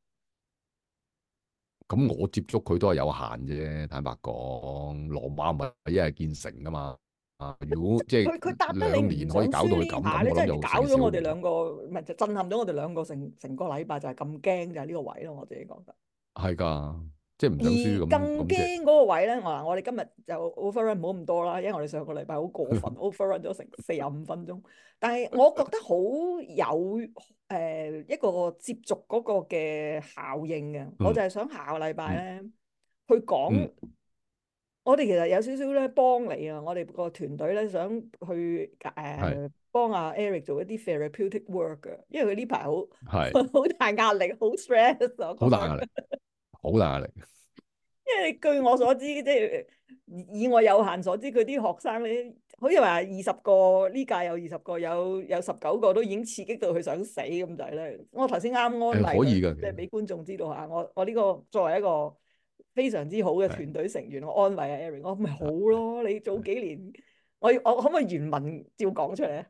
咁我接觸佢都係有限啫，坦白講。羅馬咪係一係建成噶嘛，啊！如果即係佢佢答得你兩年可以搞到佢咁，真係 搞咗我哋兩個，咪就震撼咗我哋兩個成成個禮拜，就係咁驚就係、是、呢個位咯，我自己講得係㗎。即而更驚嗰個位咧，話文我哋今日就 overrun 唔好咁多啦，因為我哋上個禮拜好過分 overrun 咗成四十五分鐘。但係我覺得好有誒、uh，一個接觸嗰個嘅效應嘅，我就係想下個禮拜咧、嗯、去講，嗯嗯、我哋其實有少少咧幫你啊，我哋個團隊咧想去誒、uh，的幫阿 Eric 做一啲 therapeutic work 嘅，因為佢呢排好係好大壓力，好 stress，好大壓力。 好大壓力，因為據我所知，即係以我有限所知，佢啲學生咧，好似話二十個呢屆有二十個，有有十九個都已經刺激到佢想死咁就係咧。我頭先啱安慰、嗯，可以嘅，即係俾觀眾知道下我我呢個作為一個非常之好嘅團隊成員，是我安慰啊 Eric，我咪好咯，是你早幾年，是我我可唔可以原文照講出嚟咧？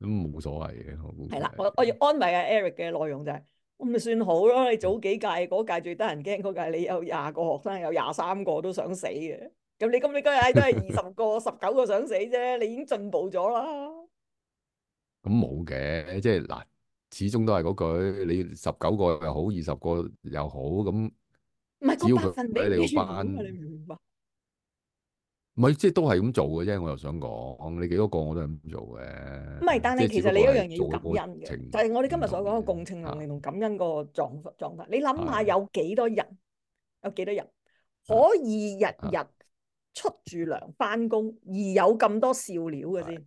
咁冇所謂嘅，係啦，我的我要安慰啊 Eric 嘅內容就係。咁咪算好咯？你早幾屆嗰屆最得人驚嗰屆，你有廿個學生，有廿三個都想死嘅。咁你咁你今日都係二十個、十九個想死啫。你已經進步咗啦。咁冇嘅，即係嗱，始終都係嗰句，你十九個又好，二十個又好，咁唔係個百分比，你班你明唔明白？唔係，即係都係咁做嘅啫。我又想講，你幾多個我都係咁做嘅。唔係是，但係其實你一樣嘢要感恩嘅。就係我哋今日所講嘅共情能力同感恩個狀況狀態，的你諗下有幾多人？的有幾多人可以日日出住糧翻工而有咁多笑料嘅先？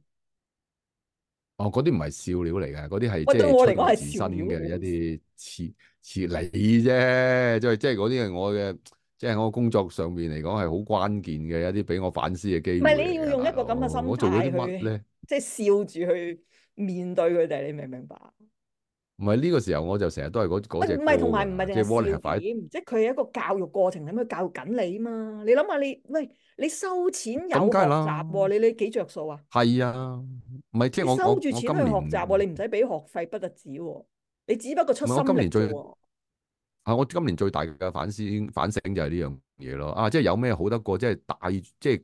哦，嗰啲唔係笑料嚟嘅，嗰啲係即係從自身嘅一啲切切嚟啫。啊就是、即係即係嗰啲係我嘅。即係我工作上面嚟講，係好關鍵嘅一啲俾我反思嘅機會嚟嘅。唔係，你要用一個咁嘅心態，我做咗啲乜呢？去，即係笑住去面對佢哋，你明唔明白？唔係呢個時候，我就成日都係嗰嗰隻即係蝸牛嘅特點。即係佢係一個教育過程，點去教育緊你嘛？你諗下，你喂，你收錢有學習喎？你你幾着數啊？係啊，唔係即係我收住錢去學習，你唔使俾學費不得止，你只不過出心力。我今年最我今年最大嘅反思反省就係呢樣嘢咯。啊，即係有咩好得過，即係大即係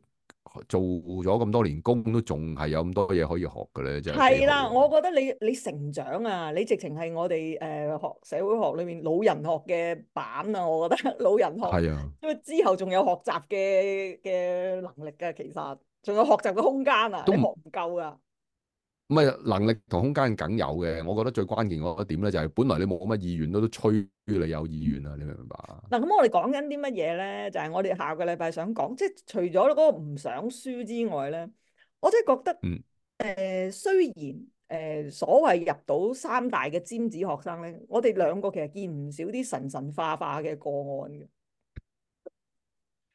做咗咁多年工都仲係有咁多嘢可以學嘅咧，就係啦。我覺得你你成長啊，你直情係我哋誒、呃、學社會學裏面老人學嘅版啊。我覺得老人學係啊，因為之後仲有學習嘅嘅能力噶、啊，其實仲有學習嘅空間啊，都不學唔夠啊。唔係能力同空間梗有嘅，我覺得最關鍵嗰一點咧就係本來你冇乜意願都都催你有意願啦，你明唔明白？嗱、嗯，咁我哋講緊啲乜嘢咧？就係、是、我哋下個禮拜想講，即、就、係、是、除咗嗰個唔想輸之外咧，我真係覺得，誒、嗯呃，雖然誒、呃、所謂入到三大嘅尖子學生咧，我哋兩個其實見唔少啲神神化化嘅個案嘅。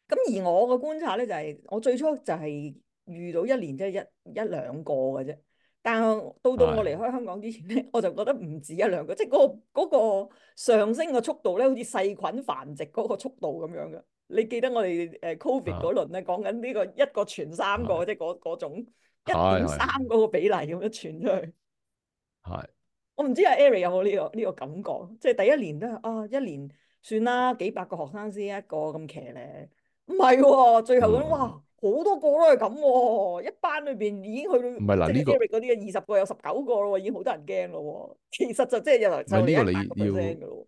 咁而我嘅觀察咧、就是，就係我最初就係遇到一年即係、就是、一一兩個嘅啫。但係到到我離開香港之前咧，的我就覺得唔止一兩個，即係嗰個上升嘅速度咧，好似細菌繁殖嗰個速度咁樣嘅。你記得我哋誒 Covid 嗰輪咧，講緊呢個一個傳三個即係嗰種一點三嗰個比例咁樣傳出去。係的。我唔知阿 Eric 有冇呢個呢個感覺？即係第一年都係啊一年算啦幾百個學生先一個咁騎咧，唔係喎，最後嗰種哇～、嗯好多個都係咁喎，一班裏邊已經去到即係嗰啲嘅二十個，個有十九個咯，已經好多人驚咯喎。其實就即係由就你啲咁嘅聲嘅咯。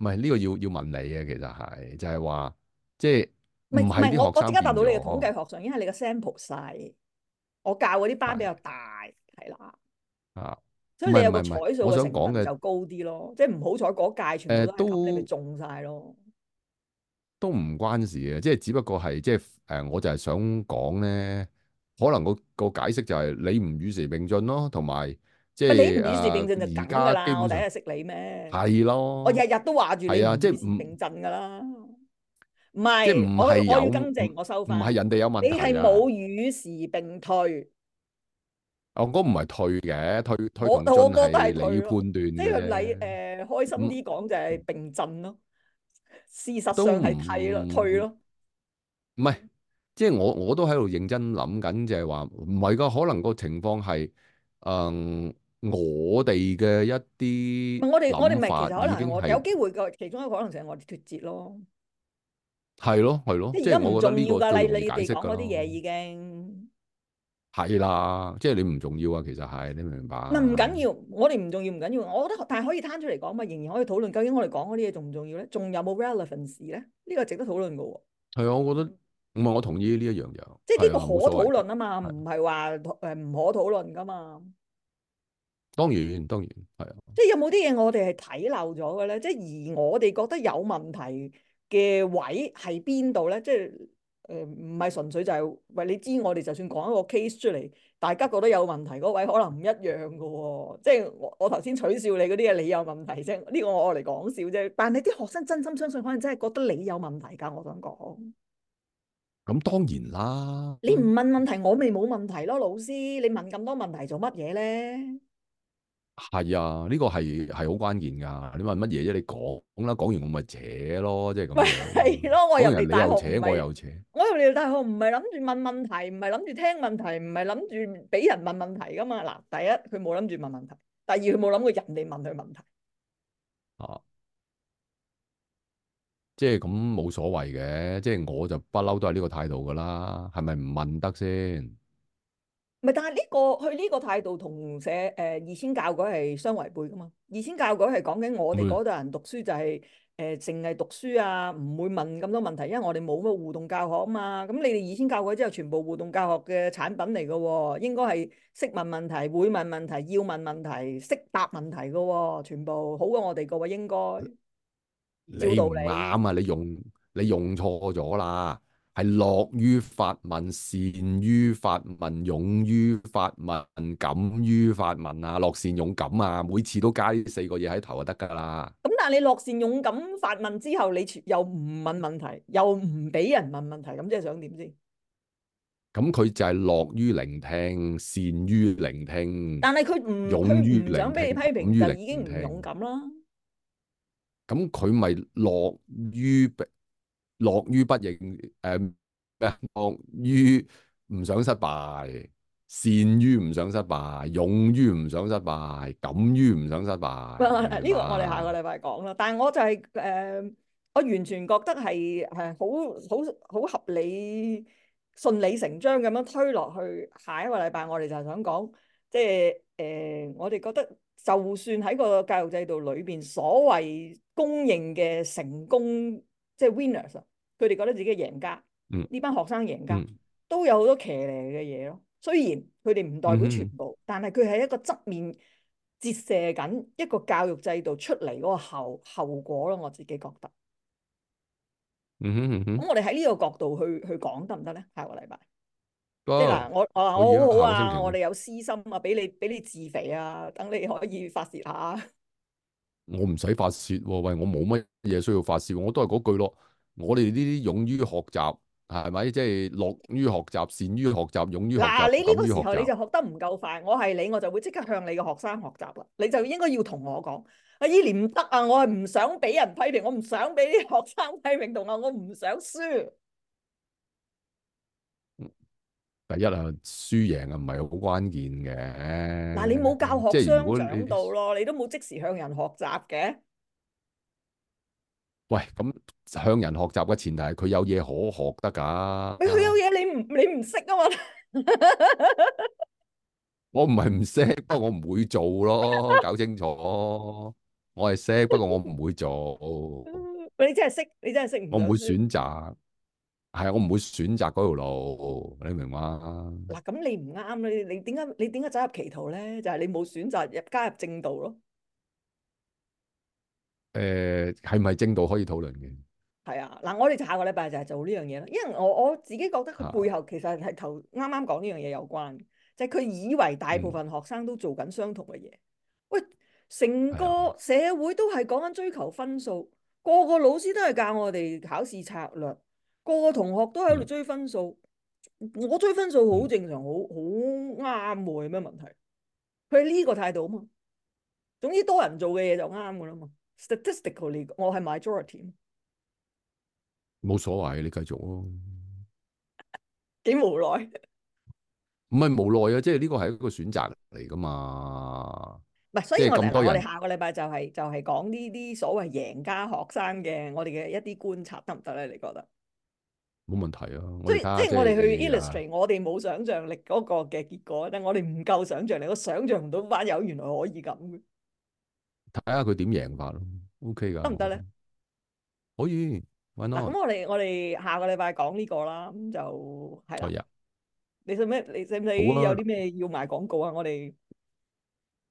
唔係呢個要要問你嘅，啊，其實係就係話即係唔係我我即刻答到你嘅，統計學上已經係你嘅 sample 細。我教嗰啲班比較大，係啦。啊，所以你有個彩數的我想講嘅就高啲咯，即係唔好彩嗰屆全部都你咪中晒咯。呃都唔關事嘅，即係只不過係即係誒，我就係想講咧，可能個解釋就係你唔與時並進咯，同埋即係你唔與時並進就隔嘅啦。我第一日識你咩？係咯的，我日日都話住係啊，即係唔並進嘅啦。唔係無，即係我我要更正，我收翻。唔係人哋有問題，你係冇與時並退。我唔係退嘅，退退同進係你判斷嘅。即係你誒開心啲講就係並進咯。嗯嗯事實上係退咯退咯，唔係即係我我都喺度認真諗緊，就係話唔係噶，可能個情況係誒我哋嘅一啲，我哋我哋唔其實可能我有機會嘅其中一個可能就係我哋脫節咯，係咯係咯，要即係我覺得呢個就係你哋講嗰啲嘢已經。係啦，即係你唔重要啊，其實係你明唔明白？唔緊要，我哋唔重要，唔緊要。我覺得，但係可以攤出嚟講嘛，仍然可以討論。究竟我哋講嗰啲嘢重唔重要咧？仲有冇 relevance 咧？呢個值得討論噶。係啊，我覺得，唔係我同意呢一樣嘢。即係呢個可討論啊嘛，唔係話誒唔可討論噶嘛。當然，當然係啊。即係有冇啲嘢我哋係睇漏咗嘅咧？即係而我哋覺得有問題嘅位係邊度咧？即係。誒，唔係純粹就係，喂，你知我哋就算講一個 case 出嚟，大家覺得有問題嗰位，可能唔一樣噶喎，即係我我頭先取笑你嗰啲嘢，你有問題啫，呢個我嚟講笑啫，但係啲學生真心相信，可能真係覺得你有問題噶，我想講。咁當然啦。你唔問問題，我咪冇問題咯，老師，你問咁多問題做乜嘢咧？係啊，呢個係係好關鍵噶你問乜嘢啫？你講咁啦，講完我咪扯咯，即係咁樣。係咯， 我又扯，我又扯。我又聊大學，唔係諗住問問題，唔係諗住聽問題，唔係諗住俾人問問題噶嘛。嗱，第一佢冇諗住問問題，第二佢冇諗過人哋問佢問題。啊，即係咁冇所謂嘅，即係我就不嬲都係呢個態度噶啦，係咪唔問得先？唔係，但係、這、呢個去呢個態度同寫誒二千教改係相違背噶嘛？二千教改係講緊我哋嗰代人讀書就係誒淨係讀書啊，唔會問咁多問題，因為我哋冇乜互動教學啊嘛。咁你哋二千教改之後，全部互動教學嘅產品嚟噶喎，應該係識問問題、會問問題、要問問題、識答問題噶喎，啊，全部好過我哋個位應該理。你唔啱啊！你用你用錯咗啦。係樂於發問、善於發問、勇於發問、敢於發問啊！樂善勇敢啊！每次都加四個嘢喺頭就得噶啦。咁但係你樂善勇敢發問之後，你又唔問問題，又唔俾人問問題，咁即係想點先？咁佢就係樂於聆聽，善於聆聽，但係佢唔勇於聆聽，佢唔想俾你批評，就已經唔勇敢咯。咁佢咪樂於俾？樂於不認誒，樂於唔想失敗，善於唔想失敗，勇於唔想失敗，敢於唔想失敗。呢個我哋下個禮拜講啦。但係我就係誒，我完全覺得係係好好好合理、順理成章咁樣推落去。下一個禮拜我哋就係想講，即係誒，我哋覺得就算喺個教育制度裏邊，所謂公認嘅成功，即係 winners。佢哋覺得自己贏家，呢、嗯、班學生贏家都有好多騎呢嘅嘢咯。雖然佢哋唔代表全部，嗯、但係佢係一個側面折射緊一個教育制度出嚟嗰個後後果咯。我自己覺得。嗯哼，咁、嗯嗯、我哋喺呢個角度去去講得唔得咧？下個禮拜，啊、即嗱，我我好好啊，我哋有私心啊，俾你俾你自肥啊，等你可以發泄下。我唔使發泄喂！我冇乜嘢需要發泄，我都係嗰句咯。我哋呢啲勇於學習係咪？即係樂於學習、善於學習、勇於學習、敢於學習。嗱，你呢個時候你就學得唔夠快。我係你，我就會即刻向你嘅學生學習啦。你就應該要同我講，阿伊蓮唔得啊！我係唔想俾人批評，我唔想俾啲學生批評同學，我唔想輸。第一啊，輸贏啊唔係好關鍵嘅。嗱，你冇教學相長到咯，你都冇即時向人學習嘅。喂，咁向人學習嘅前提係佢有嘢可學得噶、啊。佢有嘢，你唔你唔識啊嘛？ 我唔係唔識，不過我唔會做咯。搞清楚，我係識，不過我唔會做。喂， 你真係識，你真係識？我唔會選擇，係啊，我唔會選擇嗰條路，你明嘛？嗱，咁你唔啱啦！你點解你點解走入歧途咧？就係、是、你冇選擇入加入正道咯。誒，係唔係正道可以討論嘅？係啊，嗱，我哋下個禮拜就係做呢樣嘢啦。因為我我自己覺得佢背後其實係頭啱啱講呢樣嘢有關，啊、就係佢以為大部分學生都做緊相同嘅嘢。嗯、喂，成個社會都係講緊追求分數，啊、個個老師都係教我哋考試策略，個個同學都喺度追分數。嗯、我追分數好正常，好好啱喎，咩問題？佢呢個態度啊嘛，總之多人做嘅嘢就啱噶啦嘛。Statistically, 我係 majority，冇所謂，你繼續咯，幾無奈，唔係無奈啊，即係呢個係一個選擇嚟㗎嘛，唔係，所以我哋我哋下個禮拜就係、是、就係、是、講呢啲所謂贏家學生嘅我哋嘅一啲觀察得唔得咧？你覺得冇問題啊，以即即我哋去 illustrate 我哋冇想像力嗰個嘅結果，但係、嗯、我哋唔夠想像力，我想像唔到班友原來可以咁。睇下佢點贏法咯，OK 㗎。得唔得咧？可以，揾、啊、我。咁我哋我哋下個禮拜講呢個啦，咁就係啦。可以啊。你使唔使？你使唔使有啲咩要賣廣告啊？我哋。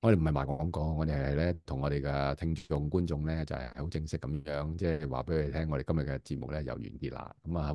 我哋唔係賣廣告，我哋係咧同我哋嘅聽眾觀眾咧就係、是、好正式咁樣，即係話俾佢哋聽，我哋今日嘅節目咧又完結啦。咁、嗯、啊，好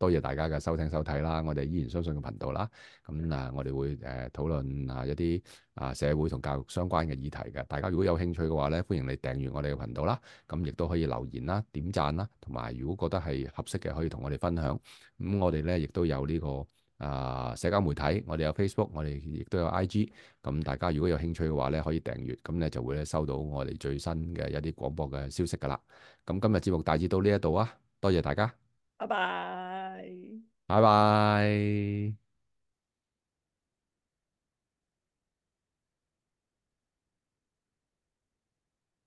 多謝大家嘅收聽收睇啦，我哋依然相信個頻道啦。咁、嗯、啊，我哋會誒討論下一啲啊社會同教育相關嘅議題嘅。大家如果有興趣嘅話咧，歡迎你訂閱我哋嘅頻道啦。咁亦都可以留言啦、點讚啦，同埋如果覺得係合適嘅，可以同我哋分享。咁、嗯、我哋咧亦都有呢、這個。啊！社交媒體，我哋有 Facebook，我哋亦都有 IG。咁大家如果有興趣嘅話呢，可以訂閱，咁咧就會咧收到我哋最新嘅一啲廣播嘅消息㗎喇。咁今日節目大致到呢一度啊，多謝大家，拜拜，拜拜。